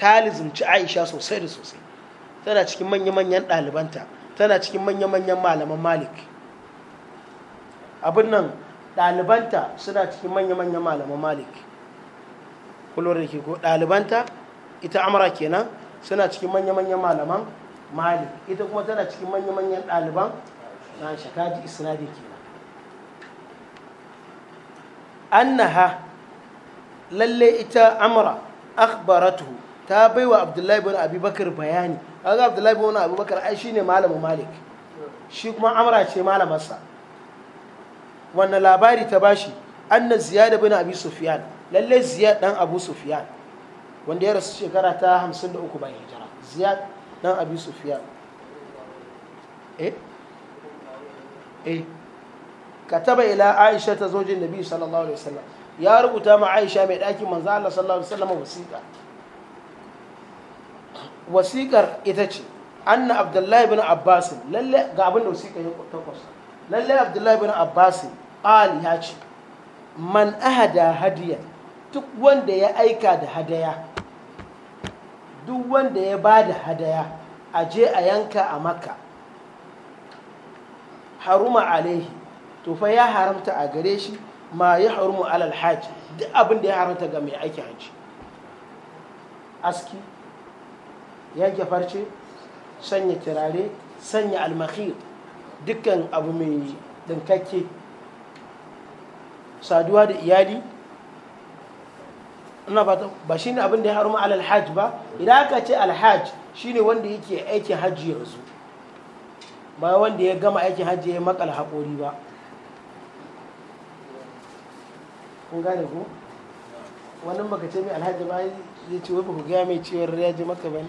ta lizimci aisha sosai da sosai tana cikin manya-manyan ɗalibanta tana cikin manya-manyan malaman malik abin nan ɗalibanta suna cikin manya-manyan malaman malik kullum da ke ko ɗalibanta ita amara kenan suna cikin manya-manyan malaman malik ita kuma tana cikin manya-manyan ɗaliban na shakaji isnadi kenan annaha lalle ita amara akhbaratu ta baiwa abdullahi bin abubakar bayani kaga abdullahi bin abubakar ai shine malamin malik shi kuma amra ce malamarsa wannan labari ta bashi ziyar da bin abu sufiyan lalle ziyar dan abu sufiyan wanda ya rasu shekara ta 53 bayan hijira ziyar dan abu sufiyan eh eh kataba ila aisha ta zojin nabi sallallahu alaihi wasallam ya rubuta ma aisha mai dakin manzo Allah sallallahu alaihi wasallam wasiqa wasiƙar ita ce anna abdullahi bin abbas lalle ga abin da wasiƙa ya takwas lalle abdullahi bin abbas qal ya ce man ahada hadiya duk wanda ya aika da hadaya duk wanda ya ba da hadaya a je a yanka a maka haruma alaihi to fa ya haramta a gare shi ma ya harumu alal hajji duk abin ya haramta ga mai aiki hajji aski yanke farce sanya turare sanya almakhir dukkan abu mai dinkakke saduwa da iyali ba fata ba shine abin da ya haru alal hajj ba idan aka ce shi ne wanda yake aikin hajji yanzu ba wanda ya gama aikin hajji ya makal haƙori ba kun gane ku wannan baka ce mai alhaji ba zai ce wai ba ku gaya mai cewar ya ji maka ba ne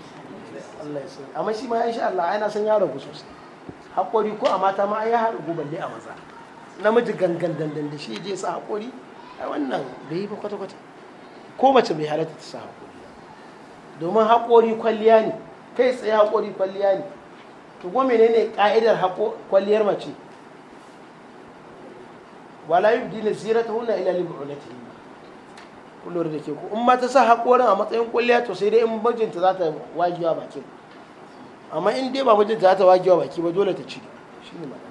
Allah ya sani amma shi ma insha Allah ai na san yaro ku sosai hakuri ko a mata ma ai ya haɗu balle a maza namiji gangan dandan da shi je sa hakuri ai wannan bai yi ba kwata kwata ko mace bai halatta ta sa hakuri domin hakuri kwalliya ne kai tsaye hakuri kwalliya ne to go menene ka'idar kwalliyar mace wala yubdina zinatahunna ila libu'ulatihinna kullum da ke ku in ma ta sa haƙorin a matsayin kwalliya to sai dai in mijinta za ta wagewa baki amma in dai ba mijinta za ta wagewa baki ba dole ta ci shi ne magana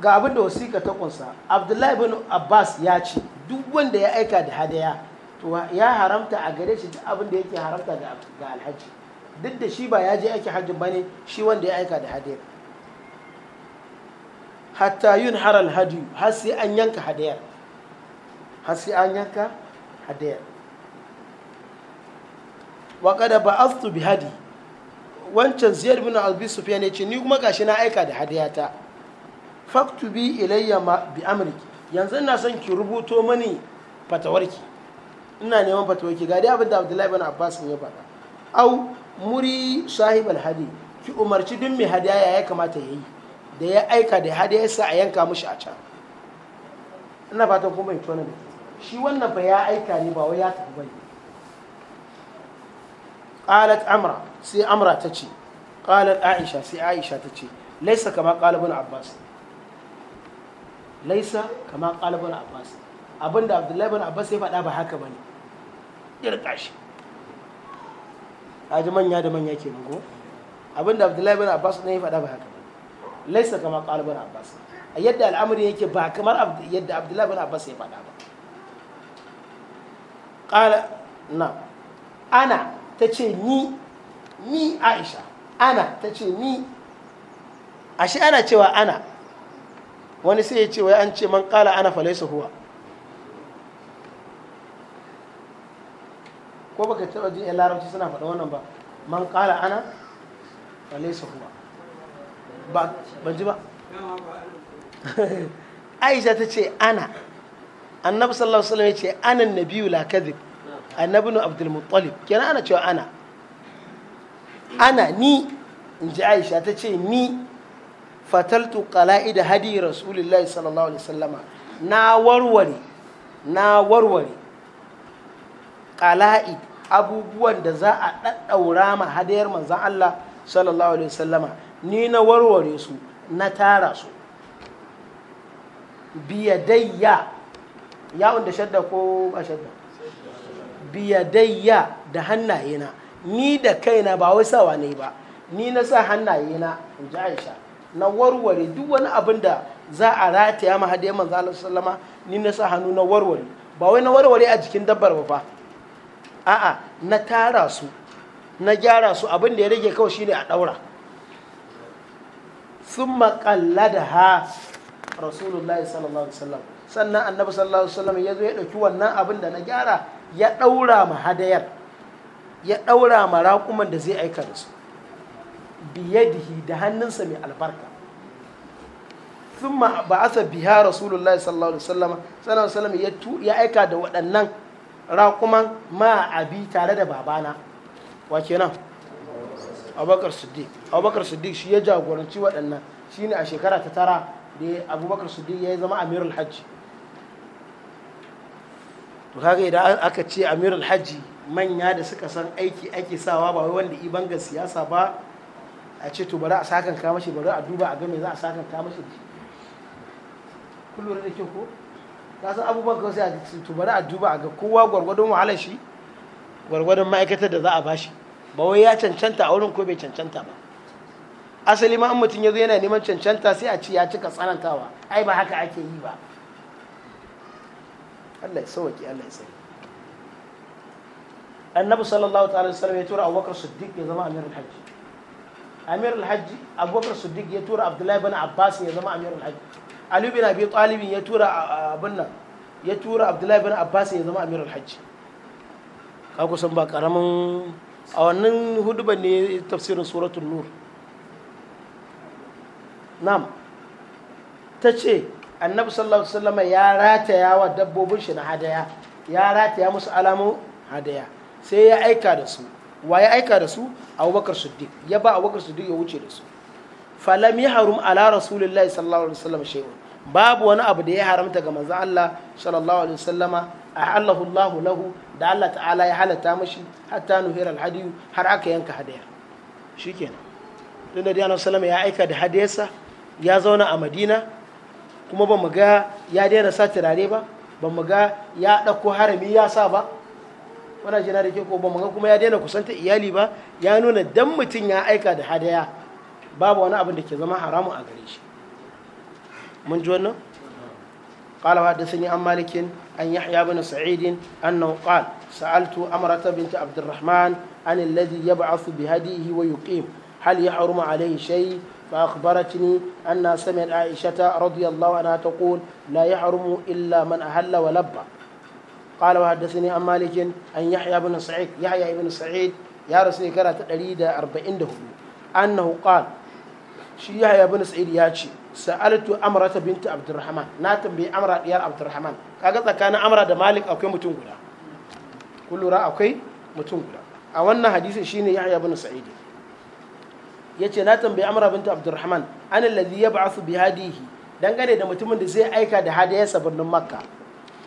ga abin da wasiƙa ta kunsa abdullahi bin abbas ya ce duk wanda ya aika da hadaya to ya haramta a gare shi duk abin da yake haramta ga alhaji duk da shi ba ya je aiki hajji ba ne shi wanda ya aika da hadaya hatta yun haral hadu har sai an yanka hadayar har sai an yanka hadaya wa kada ba'athtu bi hadi wancan ziyar bin albi ne yace ni kuma gashi na aika da hadiyata bi ilayya ma bi amriki yanzu ina son ki rubuto mani fatawarki ina neman fatawarki ga dai abinda abdullahi bin abbas ya faɗa au muri sahib alhadi ki umarci duk mai hadiya ya kamata yayi da ya aika da hadiyarsa a yanka mushi a can ina fatan kuma bai tona da shi wannan ba ya aika ni ba wai ya tafi bane qalat amra sai amra ta ce qalat aisha sai aisha ta ce laisa kama qalibun abbas laisa kama qalibun abbas abinda abdullahi bin abbas ya faɗa ba haka bane irka shi ji manya da manya ke ko abinda abdullahi bin abbas ne ya faɗa ba haka ne. laisa kama qalibun abbas yadda al'amari yake ba kamar yadda abdullahi bin abbas ya faɗa ba ƙala na ana ta ce ni ni aisha ana ta ce ni ashe ana cewa ana wani sai ya ce wai an ce man ƙala ana falaisa huwa ko baka taɓa jin yan larabci suna faɗa wannan ba man ƙala ana falaisa huwa ba ban ji ba aisha ta ce ana annabi sallallahu alaihi wasallam ya ce ana nabiyu la kadhib annabi nu abdul muttalib kenan ana cewa ana ana ni in ji aisha ta ce ni fataltu qala'ida hadi rasulullahi sallallahu alaihi wasallama na warware na warware qala'id abubuwan da za a daddaura ma hadayar manzon Allah sallallahu alaihi wasallama ni na warware su na tara su biyadayya yawon da shadda ko ba shadda biyadayya da hannayena ni da kaina ba wai sawa ne ba ni na sa hannayena in ji aisha na warware duk wani abin da za a rataya ma ya manzo Allah sallama ni na sa hannu na warware ba wai na warware a jikin dabbar ba fa a'a na tara su na gyara su abin da ya rage kawai shine a ɗaura sun maƙalla da ha rasulullahi sallallahu alaihi wasallam sannan annabi sallallahu alaihi wasallam ya zo ya ɗauki wannan abin da na gyara ya ɗaura ma hadayar ya ɗaura ma raƙuman da zai aika da su biyadihi da hannunsa mai albarka thumma ba'atha biha rasulullahi sallallahu alaihi wasallam sallallahu alaihi wasallam ya ya aika da waɗannan raƙuman ma abi tare da babana wa kenan abubakar siddiq abubakar siddiq shi ya jagoranci waɗannan shine a shekara ta tara da abubakar siddiq ya zama amirul hajji to kaga idan aka ce amirul hajji manya da suka san aiki ake sawa ba wai wanda iban ga siyasa ba a ce to bari a sakan ka mashi bari a duba a ga me za a sakan ka mashi da shi kun lura da kyau ko ka san abubuwan ka sai a ce to bari a duba a ga kowa gwargwadon wahalar shi gwargwadon ma'aikatar da za a bashi ba wai ya cancanta a wurin ko bai cancanta ba asali ma in mutum ya zo yana neman cancanta sai a ce ya cika tsanantawa ai ba haka ake yi ba Allah ya sauki Allah ya tsare annabi sallallahu ta'ala wasallam ya tura abubakar siddiq ya zama amirul hajji amirul hajji abubakar siddiq ya tura abdullahi bin abbas ya zama amirul hajji ali bin abi talib ya tura abin nan ya tura abdullahi bin abbas ya zama amirul hajji ka kusan ba karamin a wannan huduba ne tafsirin suratul nur nam ta ce annabi sallallahu alaihi wasallam ya rataya wa dabbobin shi na hadaya ya rataya musu alamu hadaya sai ya aika da su wa ya aika da su abubakar siddiq ya ba abubakar siddiq ya wuce da su falam ya harum ala rasulillahi sallallahu alaihi wasallam shay'un babu wani abu da ya haramta ga manzon Allah sallallahu alaihi wasallama ahallahu Allah lahu da Allah ta'ala ya halatta mashi hatta nuhira alhadiyu har aka yanka hadaya shikenan tunda dai annabi sallallahu alaihi wasallam ya aika da hadayarsa ya zauna a Madina kuma ba mu ga ya daina sa turare ba ba mu ga ya ɗauko harami ya sa ba wana jina da ke ko ba mu ga kuma ya daina kusanta iyali ba ya nuna dan mutum ya aika da hadaya babu wani abin da ke zama haramun a gare shi mun ji wannan قال وحدثني عن مالك عن يحيى بن سعيد أنه قال سألت أمرة بنت عبد الرحمن عن الذي يبعث بهديه ويقيم هل يحرم عليه شيء فأخبرتني أن سمعت عائشة رضي الله عنها تقول لا يحرم إلا من أهل ولبى قال وحدثني عن مالك أن يحيى بن سعيد يحيى بن سعيد يا رسول كرة تقليد أربعين دهول أنه قال شي يحيى بن سعيد ياتي سألت أمرة بنت عبد الرحمن ناتم بأمرة يا عبد الرحمن كاغتا كان أمرة ده مالك أو كم تنقل كل رأى أوكي متنقل أولنا حديث شيني يحيى بن سعيد yace na tambayi amra bintu abdurrahman an alladhi yab'athu bi hadihi dangane da mutumin da zai aika da hadayarsa birnin makka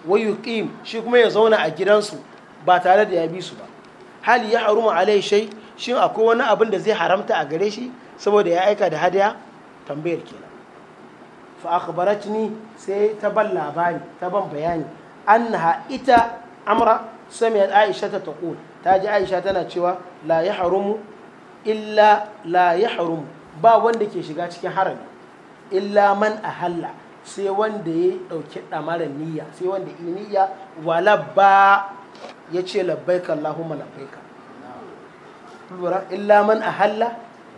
wa yuqim shi kuma ya zauna a gidansu ba tare da ya bi su ba hali ya haruma alai shay shin akwai wani abin da zai haramta a gare shi saboda ya aika da hadaya tambayar kenan fa akhbaratni sai ta ban labari ta ban bayani annaha ita amra sami'at aisha ta taqul ta ji aisha tana cewa la ya harumu illa la yahrum ba wanda ke shiga cikin harami illa man a halla sai wanda ya dauki damarar niyya sai wanda yi niyya wala ba ya ce labbaika allahumma labbaika illa man a halla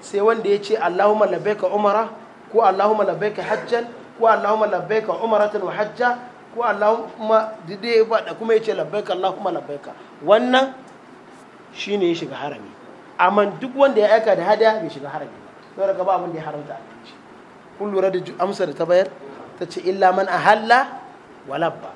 sai wanda ya ce allahumma labbaika umara ko allahumma labbaika hajjan ko allahumma labbaika umaratan wa hajja ko allahumma dide ba da kuma ya ce labbaika allahumma labbaika wannan shine ya shiga harami amma duk wanda ya aika da hada bai shiga harami ba daga ba abin da ya haramta abinci kun lura da amsa da ta bayar ta ce illa man ahalla walabba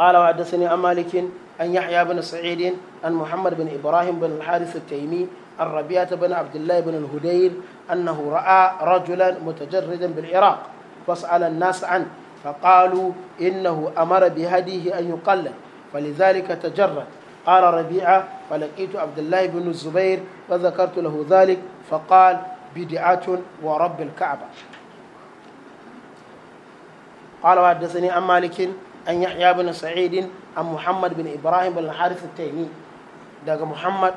قال وحدثني عن مالك عن يحيى بن سعيد عن محمد بن ابراهيم بن الحارث التيمي عن ربيعه بن عبد الله بن الهدير انه راى رجلا متجردا بالعراق فسال الناس عنه فقالوا انه امر بهديه ان يقلد فلذلك تجرد قال ربيعة فلقيت عبد الله بن الزبير فذكرت له ذلك فقال بدعة ورب الكعبة قال وحدثني عن مالك عن يحيى بن سعيد عن محمد بن إبراهيم بن الحارث التيمي daga Muhammad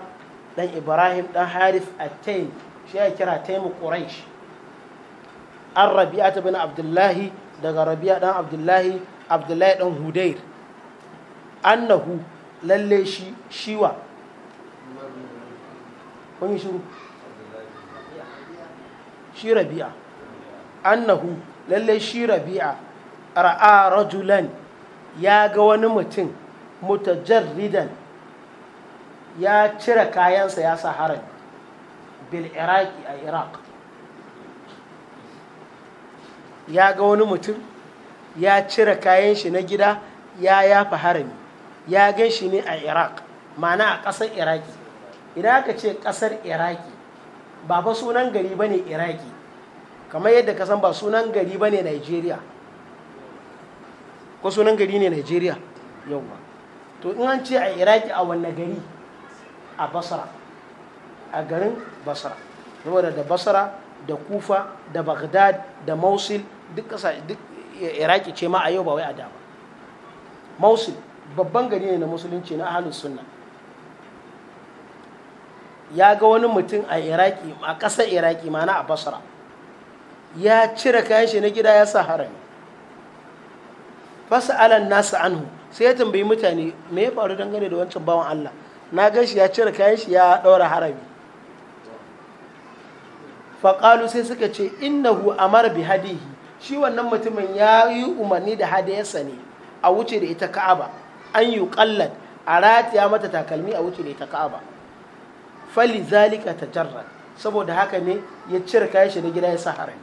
dan Ibrahim dan Haris At-Taym shi ya kira Taym Quraish an Rabi'ata bin Abdullahi daga Rabi'a dan Abdullahi Abdullahi dan Hudayr annahu lalle shi shiwa kun shiru shi rabi'a annahu lalle shi rabi'a ra'a rajulan ya ga wani mutum mutajarridan ya cire kayansa ya sa harami bil iraki a iraq ya ga wani mutum ya cire kayan shi na gida ya yafa harami ya gan shi ne a iraq ma'ana a ƙasar iraki idan aka ce ƙasar iraki ba ba sunan gari ba ne iraki kamar yadda ka san ba sunan gari ba ne nigeria ko sunan gari ne nigeria ba to in an ce a iraki a wanne gari a basra a garin basra saboda da basra da kufa da baghdad da mausil duk iraki ce ma a yau ba wai a da ba mausil babban gari ne na musulunci na ahalin sunna ya ga wani mutum a iraki a ƙasar iraki mana a basra ya cire kayan shi na gida ya sa harami fasa alan nasu anhu sai ya tambayi mutane me ya faru dangane da wancan bawan allah na gan shi ya cire kayan shi ya ɗaura harami faƙalu sai suka ce innahu mara bi hadihi shi wannan mutumin ya yi umarni da hadayarsa ne a wuce da ita ka'aba an yi kallad a rataya mata takalmi a wuce ne ta ka'aba fali zalika ta jarra saboda haka ne ya cire kayan shi na gida ya sa harami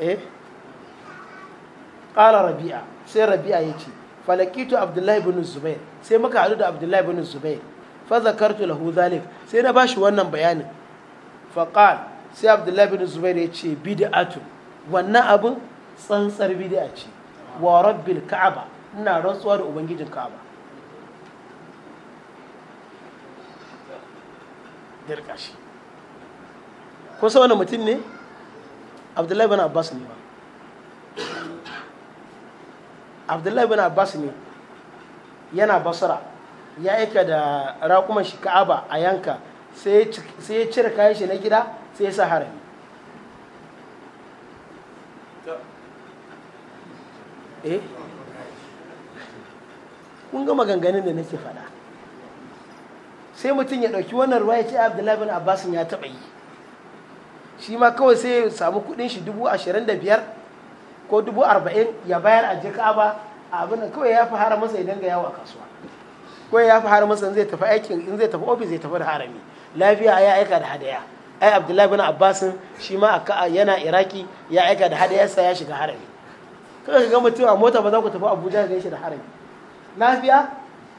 eh ƙara rabi'a sai rabi'a ya ce falakitu abdullahi bin zubair sai muka haɗu da abdullahi bin zubair faza kartu lahu zalik sai na bashi wannan bayanin faƙal sai abdullahi bin zubair ya ce bid'atu wannan abin tsantsar bid'a ce wa rabbil ka'aba ina rantsuwa da ubangijin ka'aba dirka shi kun sa wani mutum ne abdullahi bin abbas ne ba abdullahi bin abbas ne yana basara ya aika da raƙuman shi ka'aba a yanka sai ya cire kayan shi na gida sai ya sa harami eh kun ga maganganun da nake faɗa sai mutum ya ɗauki wannan ruwa ya ce abdullahi bin abbas ya taɓa yi shi ma kawai sai ya samu kuɗin shi dubu ashirin da biyar ko dubu arba'in ya bayar a je ba abin kawai ya fi hara masa idan ga yawo a kasuwa kawai ya fi hara masa zai tafi aikin in zai tafi ofis zai tafi da harami lafiya ya aika da hadaya ai abdullahi bin abbas shi ma yana iraki ya aika da hadayarsa ya shiga harami kaka ka ga mutum a mota ba za ku tafi abuja da shi da harami lafiya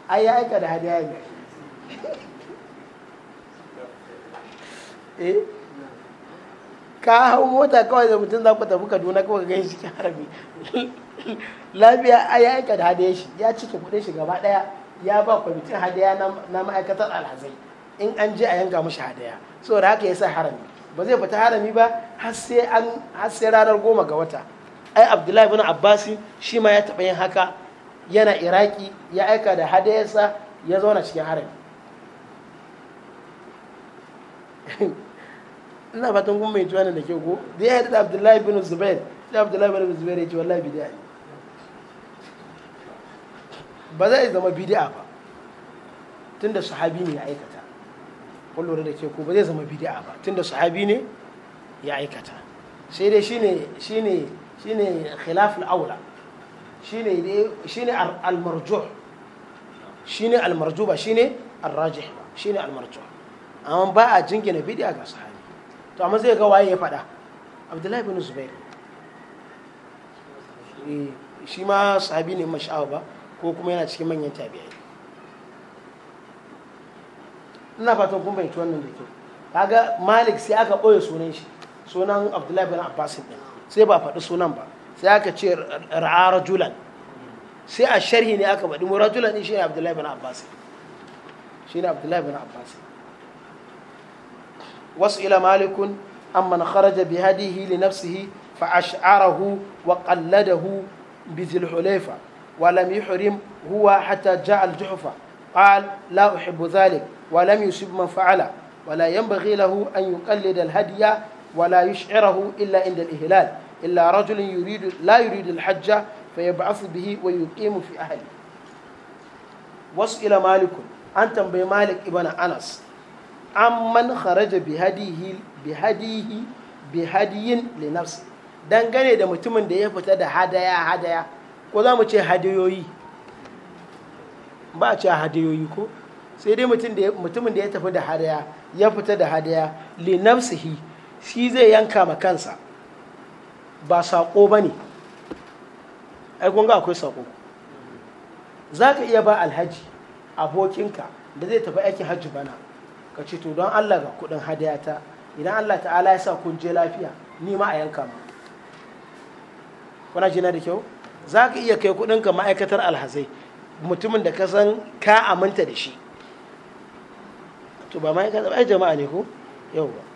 ai ya aika da hadiya ne eh ka hau mota kawai da mutum za ku tafi kaduna kawai ga shi cikin harami lafiya ai ya aika da hadiya shi ya cike kudin shi gaba daya ya ba kwamitin hadiya na ma'aikatar alhazai in an je a yanka mashi hadaya saboda haka ya sa harami ba zai fita harami ba har sai ranar goma ga wata ai abdullahi ibn abbasi shi ma ya taɓa yin haka yana iraki ya aika da hadayarsa ya zauna cikin harami ina fatan kuma mai tuwa da ke ko da ya haɗu da abdullahi bin zubair da abdullahi bin zubair ya ce wallahi bidiya ne ba za a zama bidiya ba tun da sahabi ne ya aikata kun da ke ko ba zai zama bidiya ba tun da sahabi ne ya aikata sai dai shine shine shine khilaful aula shine shine al-marjuh shine al marjuba shine ar-rajih shine al-marjuh amma ba a jingina bid'a ga sahabi to amma zai ga waye ya faɗa abdullahi ibn zubair shi ma sahabi ne masha'awa ba ko kuma yana cikin manyan tabi'ai ina fatan kun fahimci wannan da kyau kaga malik sai aka boye sunan shi sunan abdullahi ibn abbas ɗin sai ba faɗi sunan ba sai aka ce ra'a rajulan sai a sharhi ne aka faɗi rajulan ne shine abdullahi bin abbas shine abdullahi bin abbas wasu ila malikun amman kharaja bi hadihi li nafsihi fa ash'arahu wa qalladahu bi dhil hulayfa wa lam yuhrim huwa hatta ja'a al juhfa قال لا أحب ذلك ولم يصب من فعله ولا ينبغي له أن يقلد الهدي ولا يشعره إلا عند الإهلال إلا رجل يريد لا يريد الحج فيبعث به ويقيم في أهله وسئل مالك أن تنبي مالك ابن أنس amman kharaja bihadihi bihadiyin linafsi dangane da mutumin da ya fita da hadaya hadaya ko za mu ce hadayoyi ba a ce hadayoyi ko sai dai mutumin da ya tafi da hadaya ya fita da hadaya nafsihi shi zai yanka ma kansa ba saƙo ba ne kun ga akwai saƙo za ka iya ba alhaji abokinka da zai tafi aikin hajji bana ka ce to don allah ga kudin hadayata idan allah ta'ala ya sa kun je lafiya ni ma a yanka ma kuna jina da kyau za ka iya kai ka ma'aikatar alhazai mutumin da ka san ka aminta da shi to ba ma'aikatar ai jama'a ne ko yau ba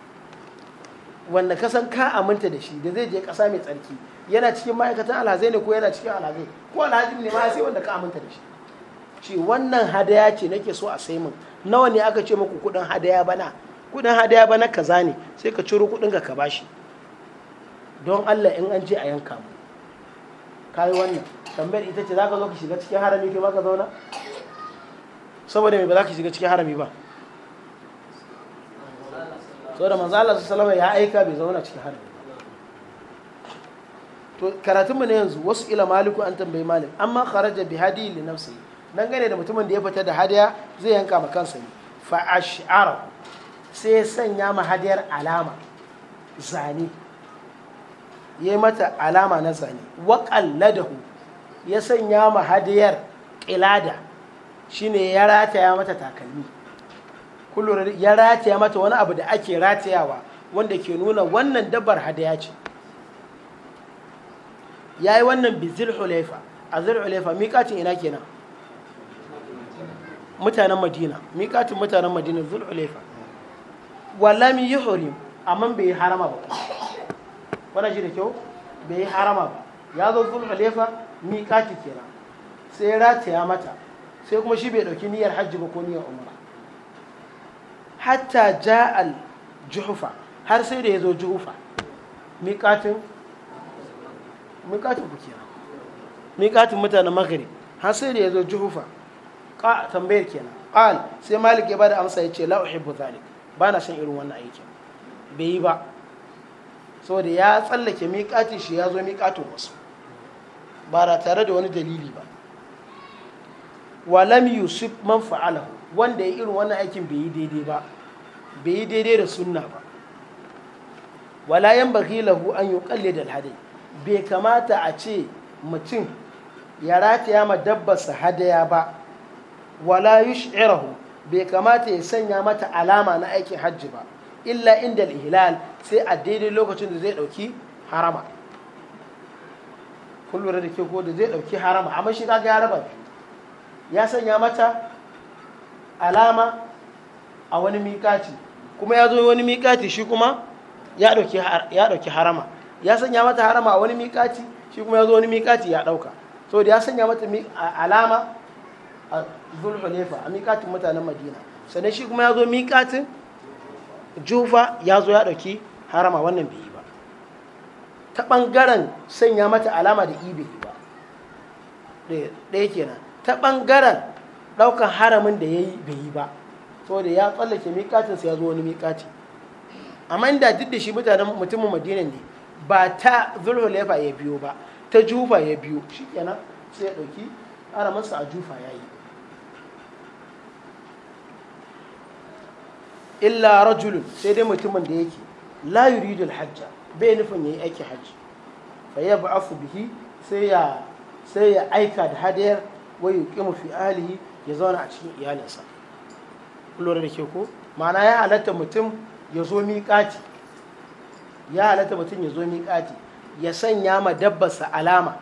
wanda ka san ka aminta da shi da zai je ƙasa mai tsarki yana cikin ma'aikatan alhazai ne ko yana cikin alhazai ko alhazi ne ma sai wanda ka aminta da shi ce wannan hadaya ce nake so a sai min nawa ne aka ce muku kudin hadaya bana kudin hadaya bana kaza ne sai ka ciro kudin ka ka bashi don Allah in an je a yanka mu kai wannan tambayar ita ce zaka zo ka shiga cikin harami kai ba ka zauna saboda me ba za ka shiga cikin harami ba so da manzo Allah sallallahu ya aika bai zauna cikin harbi to karatunmu na ne yanzu wasu ila maliku an tambayi malik amma kharaja bi hadi li nafsi dan gane da mutumin da ya fita da hadiya zai yanka ma kansa ne fa ash'ara sai sanya ma hadiyar alama zane ya mata alama na zane wa qalladahu ya sanya ma hadiyar qilada shine ya rataya mata takalmi kullum ya rataya mata wani abu da ake ratayawa wanda ke nuna wannan dabbar hadaya ce ya yi wannan bizil hulaifa a zir hulaifa miƙatin ina kenan mutanen madina miƙatin mutanen madina zir hulaifa wallami yi hori amma bai yi harama ba wani shi da kyau bai yi harama ba ya zo zir hulaifa miƙati kenan sai rataya mata sai kuma shi bai ɗauki niyyar hajji ba ko niyyar umara hatta ja'al juhufa har sai da ya zo juhufa miƙatin miƙatin ku kenan miƙatin mutanen maghari har sai da ya zo juhufa tambayar kenan ƙal sai malik ya bada amsa yace ce uhibbu zalik ba na son irin wannan aikin bai yi ba saboda ya tsallake miƙatin shi ya zo miƙatin wasu ba tare da wani dalili ba lam yusuf man fa'alahu wanda ya irin wannan aikin bai yi daidai ba bai yi daidai da sunna ba wala yan baki lahu an yi kalle da hadai bai kamata a ce mutum ya rataya ma dabbarsa hadaya ba wala yush'irahu bai kamata ya sanya mata alama na aikin hajji ba illa inda hilal sai a daidai lokacin da zai dauki harama kullum da ke ko da zai dauki harama amma shi kaga ya raba ya sanya mata alama a wani mikaci kuma ya zo wani miƙati shi kuma ya ɗauki harama ya sanya mata harama a wani miƙati shi kuma ya zo wani miƙati ya ɗauka saboda ya sanya mata alama a zulhulefa a miƙatin mutanen madina sannan shi kuma ya zo miƙatin jufa ya zo ya ɗauki harama wannan bai yi ba ta ɓangaren sanya mata alama da ibe ba ɗaya kenan ta ɓangaren ɗaukan haramin da ya yi bai yi ba saboda ya tsallake miƙatin sa ya zo wani miƙati amma inda duk da shi mutanen mutumin madina ne ba ta zulhulaifa ya biyo ba ta jufa ya biyo shi kenan sai ya ɗauki ana masa a jufa ya yi illa rajulun sai dai mutumin da yake la yuridul hajja bai nufin ya yi aiki hajji fa ya asu bihi sai ya ya aika da hadiyar wai yuqimu fi alihi ya zauna a cikin iyalinsa kulura da ke ko ma'ana ya halatta mutum ya zo miƙati ya halatta mutum ya zo miƙati ya sanya ma dabbarsa alama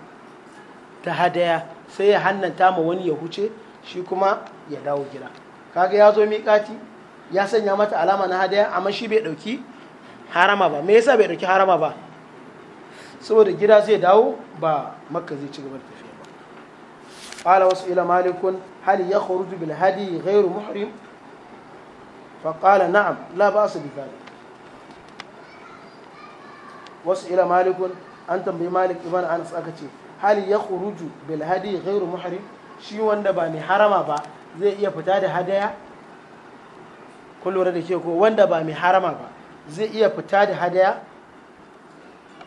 ta hadaya sai ya hannanta ma wani ya huce shi kuma ya dawo gida kaga ya zo miƙati ya sanya mata alama na hadaya amma shi bai ɗauki harama ba me yasa bai ɗauki harama ba saboda gida zai dawo ba makka zai ci gaba da tafiya ba qala wasu ila malikun hal yakhruju bil hadi ghairu muhrim فقال نعم لا بأس بذلك وسئل مالك أنت بمالك ابن أنس أكتي هل يخرج بالهدي غير محرم شي wanda ba mai harama ba zai iya fita da hadaya kun lura da ke ko wanda ba mai harama ba zai iya fita da hadaya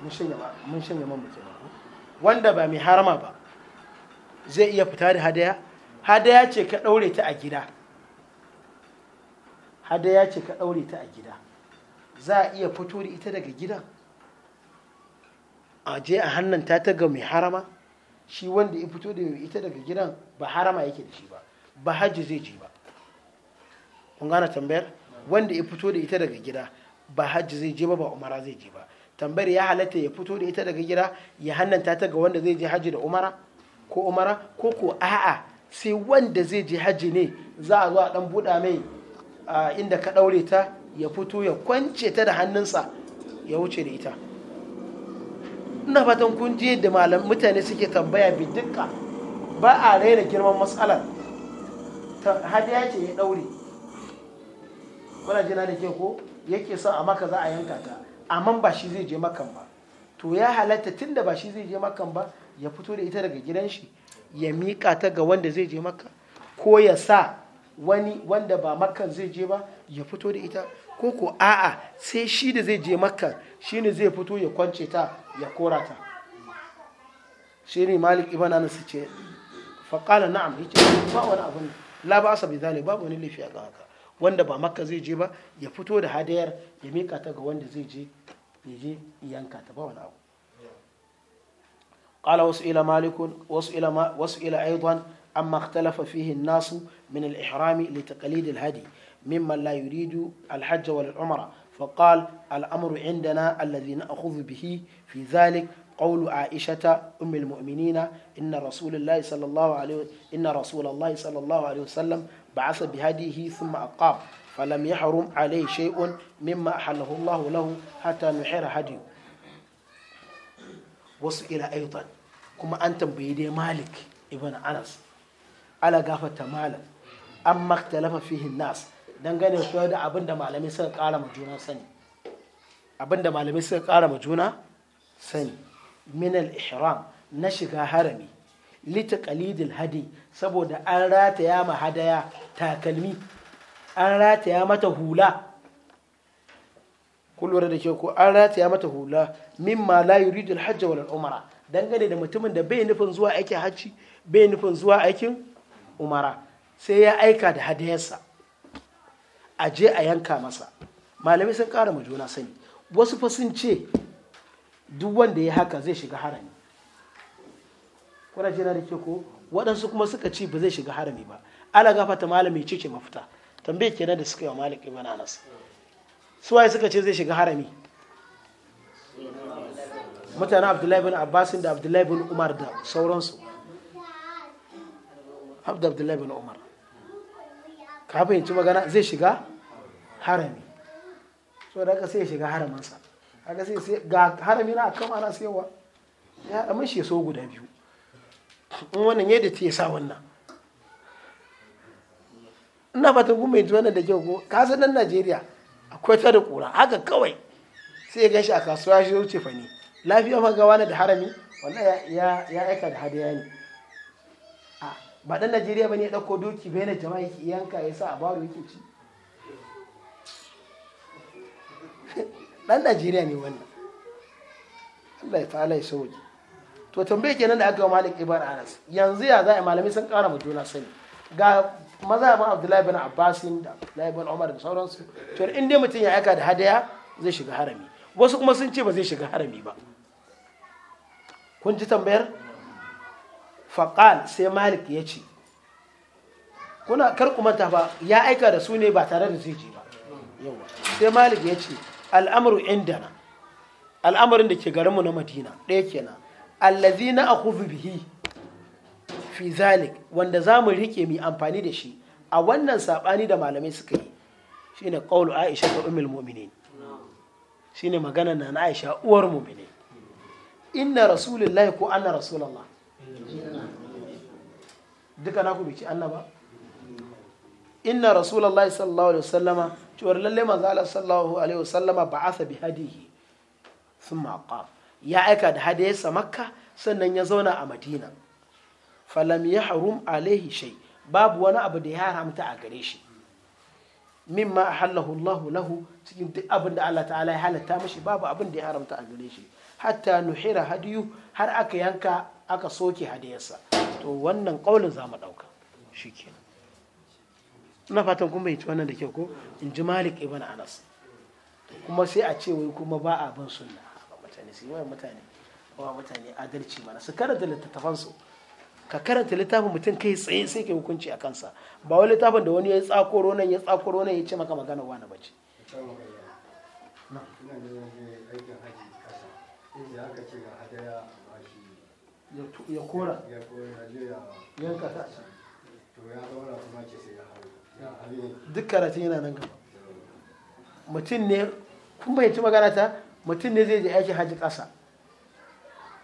mun shanya man mutum wanda ba mai harama ba zai iya fita da hadaya hadaya ce ka ɗaure ta a gida hada ya ce ka ɗaure ta a gida za a iya fito da ita daga gidan a je a hannanta ta ga mai harama shi wanda ya fito da ita daga gidan ba harama yake da shi ba ba hajji zai ji ba kun gane tambayar wanda ya fito da ita daga gida ba hajji zai je ba ba umara zai je ba tambayar ya halatta ya fito da ita daga gida ya hannanta ta ga wanda zai je hajji da umara ko umara ko ko a'a sai wanda zai je hajji ne za a zo a dan buɗa mai a inda ka ɗaure ta ya fito ya kwance ta da hannunsa ya wuce da ita ina fatan kun ji yadda mutane suke tambaya bi dukka ba a raina girman matsalar hadiya ce ya ɗaure kuna jina da ke ko yake son a maka za a yanka ta amma ba shi zai je makan ba to ya halatta tun da ba shi zai je makan ba ya fito da ita daga gidan shi ya miƙa ta ga wanda zai je maka ko ya sa wani wanda ba makkan zai je ba ya fito da ita ko ko a'a sai shi da zai je makkan shi ne zai fito ya kwance ta ya kora ta shi ne malik ibn anas ce faƙala na'am yace ba wani abun la ba asa bizali babu wani lafiya ga haka wanda ba makka zai je ba ya fito da hadayar ya mika ta ga wanda zai je ya je yanka ta ba wani abu ƙala wasu ila malikun wasu ila ايضا عما اختلف فيه الناس من الإحرام لتقليد الهدي ممن لا يريد الحج والعمرة فقال الأمر عندنا الذي نأخذ به في ذلك قول عائشة أم المؤمنين إن رسول الله صلى الله عليه إن رسول الله صلى الله عليه وسلم بعث بهديه ثم أقام فلم يحرم عليه شيء مما أحله الله له حتى نحر هديه وسئل أيضا كما أنتم بيدي مالك ابن أنس ala gafata malam an maktalafa fihin nas dangane su da abin da malamai suka kara ma juna sani abin da malamai suka kara ma juna sani minal al-ihram na shiga harami lita qalidil hadi saboda an rataya ma hadaya takalmi an rataya mata hula kun da ke ko an rataya mata hula mimma la yuridu al-hajj wal umra dangane da mutumin da bai nufin zuwa aikin hajji bai nufin zuwa aikin umara sai ya aika da hadayarsa a je a yanka masa malami sun kara ma juna sani wasu fa sun ce duk wanda ya haka zai shiga harami kuna jina da ke ko waɗansu kuma suka ci ba zai shiga harami ba ala gafata malami ce ce mafita tambaye kenan da suka yi wa malik ibn anas waye suka ce zai shiga harami mutanen abdullahi bin abbasin da abdullahi bin umar da sauransu abdu abdullahi bin umar ka fahimci magana zai shiga harami so da aka sai ya shiga haraminsa aka sai sai ga harami na akan ana sayarwa ya haramin shi so guda biyu in wannan yadda ta sa wannan ina fatan kuma yanzu wannan da kyau ko ka san nan Najeriya akwai ta da kura haka kawai sai ya gashi a kasuwa shi wuce fani lafiya ma ga wani da harami wannan ya aika da hadiya ne ba dan najeriya ba ne ya ɗauko doki bai na jama'a yake yanka ya sa a baro yake ci dan najeriya ne wannan allah ya ta'ala ya sauki to tambaye kenan da aka yi malik ibar anas yanzu ya za a sun kara mu juna sani ga maza ban abdullahi bin abbasin da abdullahi bin umar da sauransu to in dai mutum ya aika da hadaya zai shiga harami wasu kuma sun ce ba zai shiga harami ba kun ji tambayar faƙal sai malik ya ce kuna kar ku manta ba ya aika da su ne ba tare da zai je ba sai malik ya ce al'amuru indana al'amarin da ke garinmu na madina ɗaya kenan allazi na a bihi fi zalik wanda za mu rike mai amfani da shi a wannan saɓani da malamai suka yi shine ƙaulu aisha ta umil mu'minin shine magana na aisha uwar mominin, inna rasulullahi ko anna rasulullah duka naku bai ci Allah ba inna rasulullahi sallallahu alaihi wasallama cewar lalle manzo Allah sallallahu alaihi wasallama ba'atha bi hadihi thumma qam ya aika da hadiyarsa makka sannan ya zauna a madina falam yahrum alaihi shay babu wani abu da ya haramta a gare shi mimma ahallahu Allah lahu cikin duk abin da Allah ta'ala ya halatta mashi babu abin da ya haramta a gare shi hatta nuhira hadiyu har aka yanka aka soke hadiyarsa to wannan ƙaulin za mu ɗauka shi kenan na fatan kuma yi wannan da kyau ko in ji malik ibn anas kuma sai a ce wai kuma ba a bin sunna ba mutane sai mutane ba mutane adalci mana su karanta littattafan su ka karanta littafin mutum kai tsaye sai ka hukunci a kansa ba wani littafin da wani ya tsakoro nan ya tsakoro nan ya ce maka magana wani bace ina aikin haji kasa inda ce ya kora yanka ta duk karatun yana nan gaba mutum ne kun bayyanci magana ta mutum ne zai je aikin haji ƙasa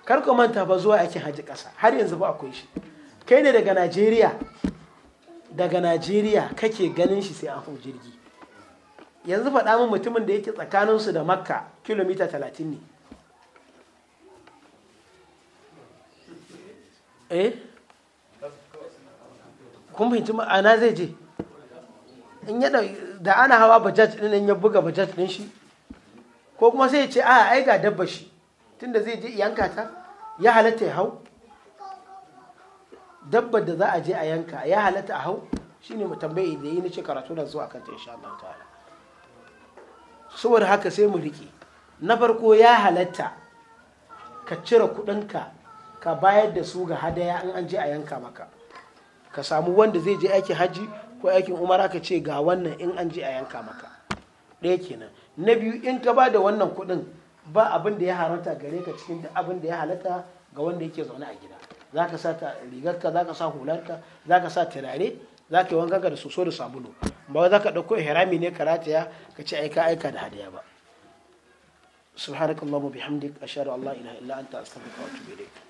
kar ku manta ba zuwa aikin haji ƙasa har yanzu ba akwai shi kai ne daga najeriya daga najeriya kake ganin shi sai an hau jirgi yanzu faɗa min mutumin da yake tsakaninsu da makka kilomita talatin ne eh kun fahimci ma'ana zai je in yi da ana hawa bajaj din ya buga bajaj ɗin shi ko kuma sai ya ce a ai ga dabba shi tunda zai je yanka ta ya halatta ya hau dabba da za a je a yanka ya halatta a hau shine mu tambaye da yi na ce karatu da zuwa kanta insha Allah ta'ala saboda haka sai mu riƙe na farko ya halatta ka cire kuɗinka. ka bayar da su ga hadaya in an je a yanka maka ka samu wanda zai je aikin haji ko aikin umara ka ce ga wannan in an je a yanka maka ɗaya kenan na biyu in ka ba da wannan kuɗin ba abin da ya haranta gare ka cikin da abin da ya halatta ga wanda yake zaune a gida za ka sa rigarka za ka sa hularka za ka sa turare za ka yi wanka da soso da sabulu ba za ka ɗauko hirami ne ka rataya ka ce aika aika da hadaya ba subhanakallahu bihamdik ashhadu an la ilaha illa anta astaghfiruka wa atubu ilayk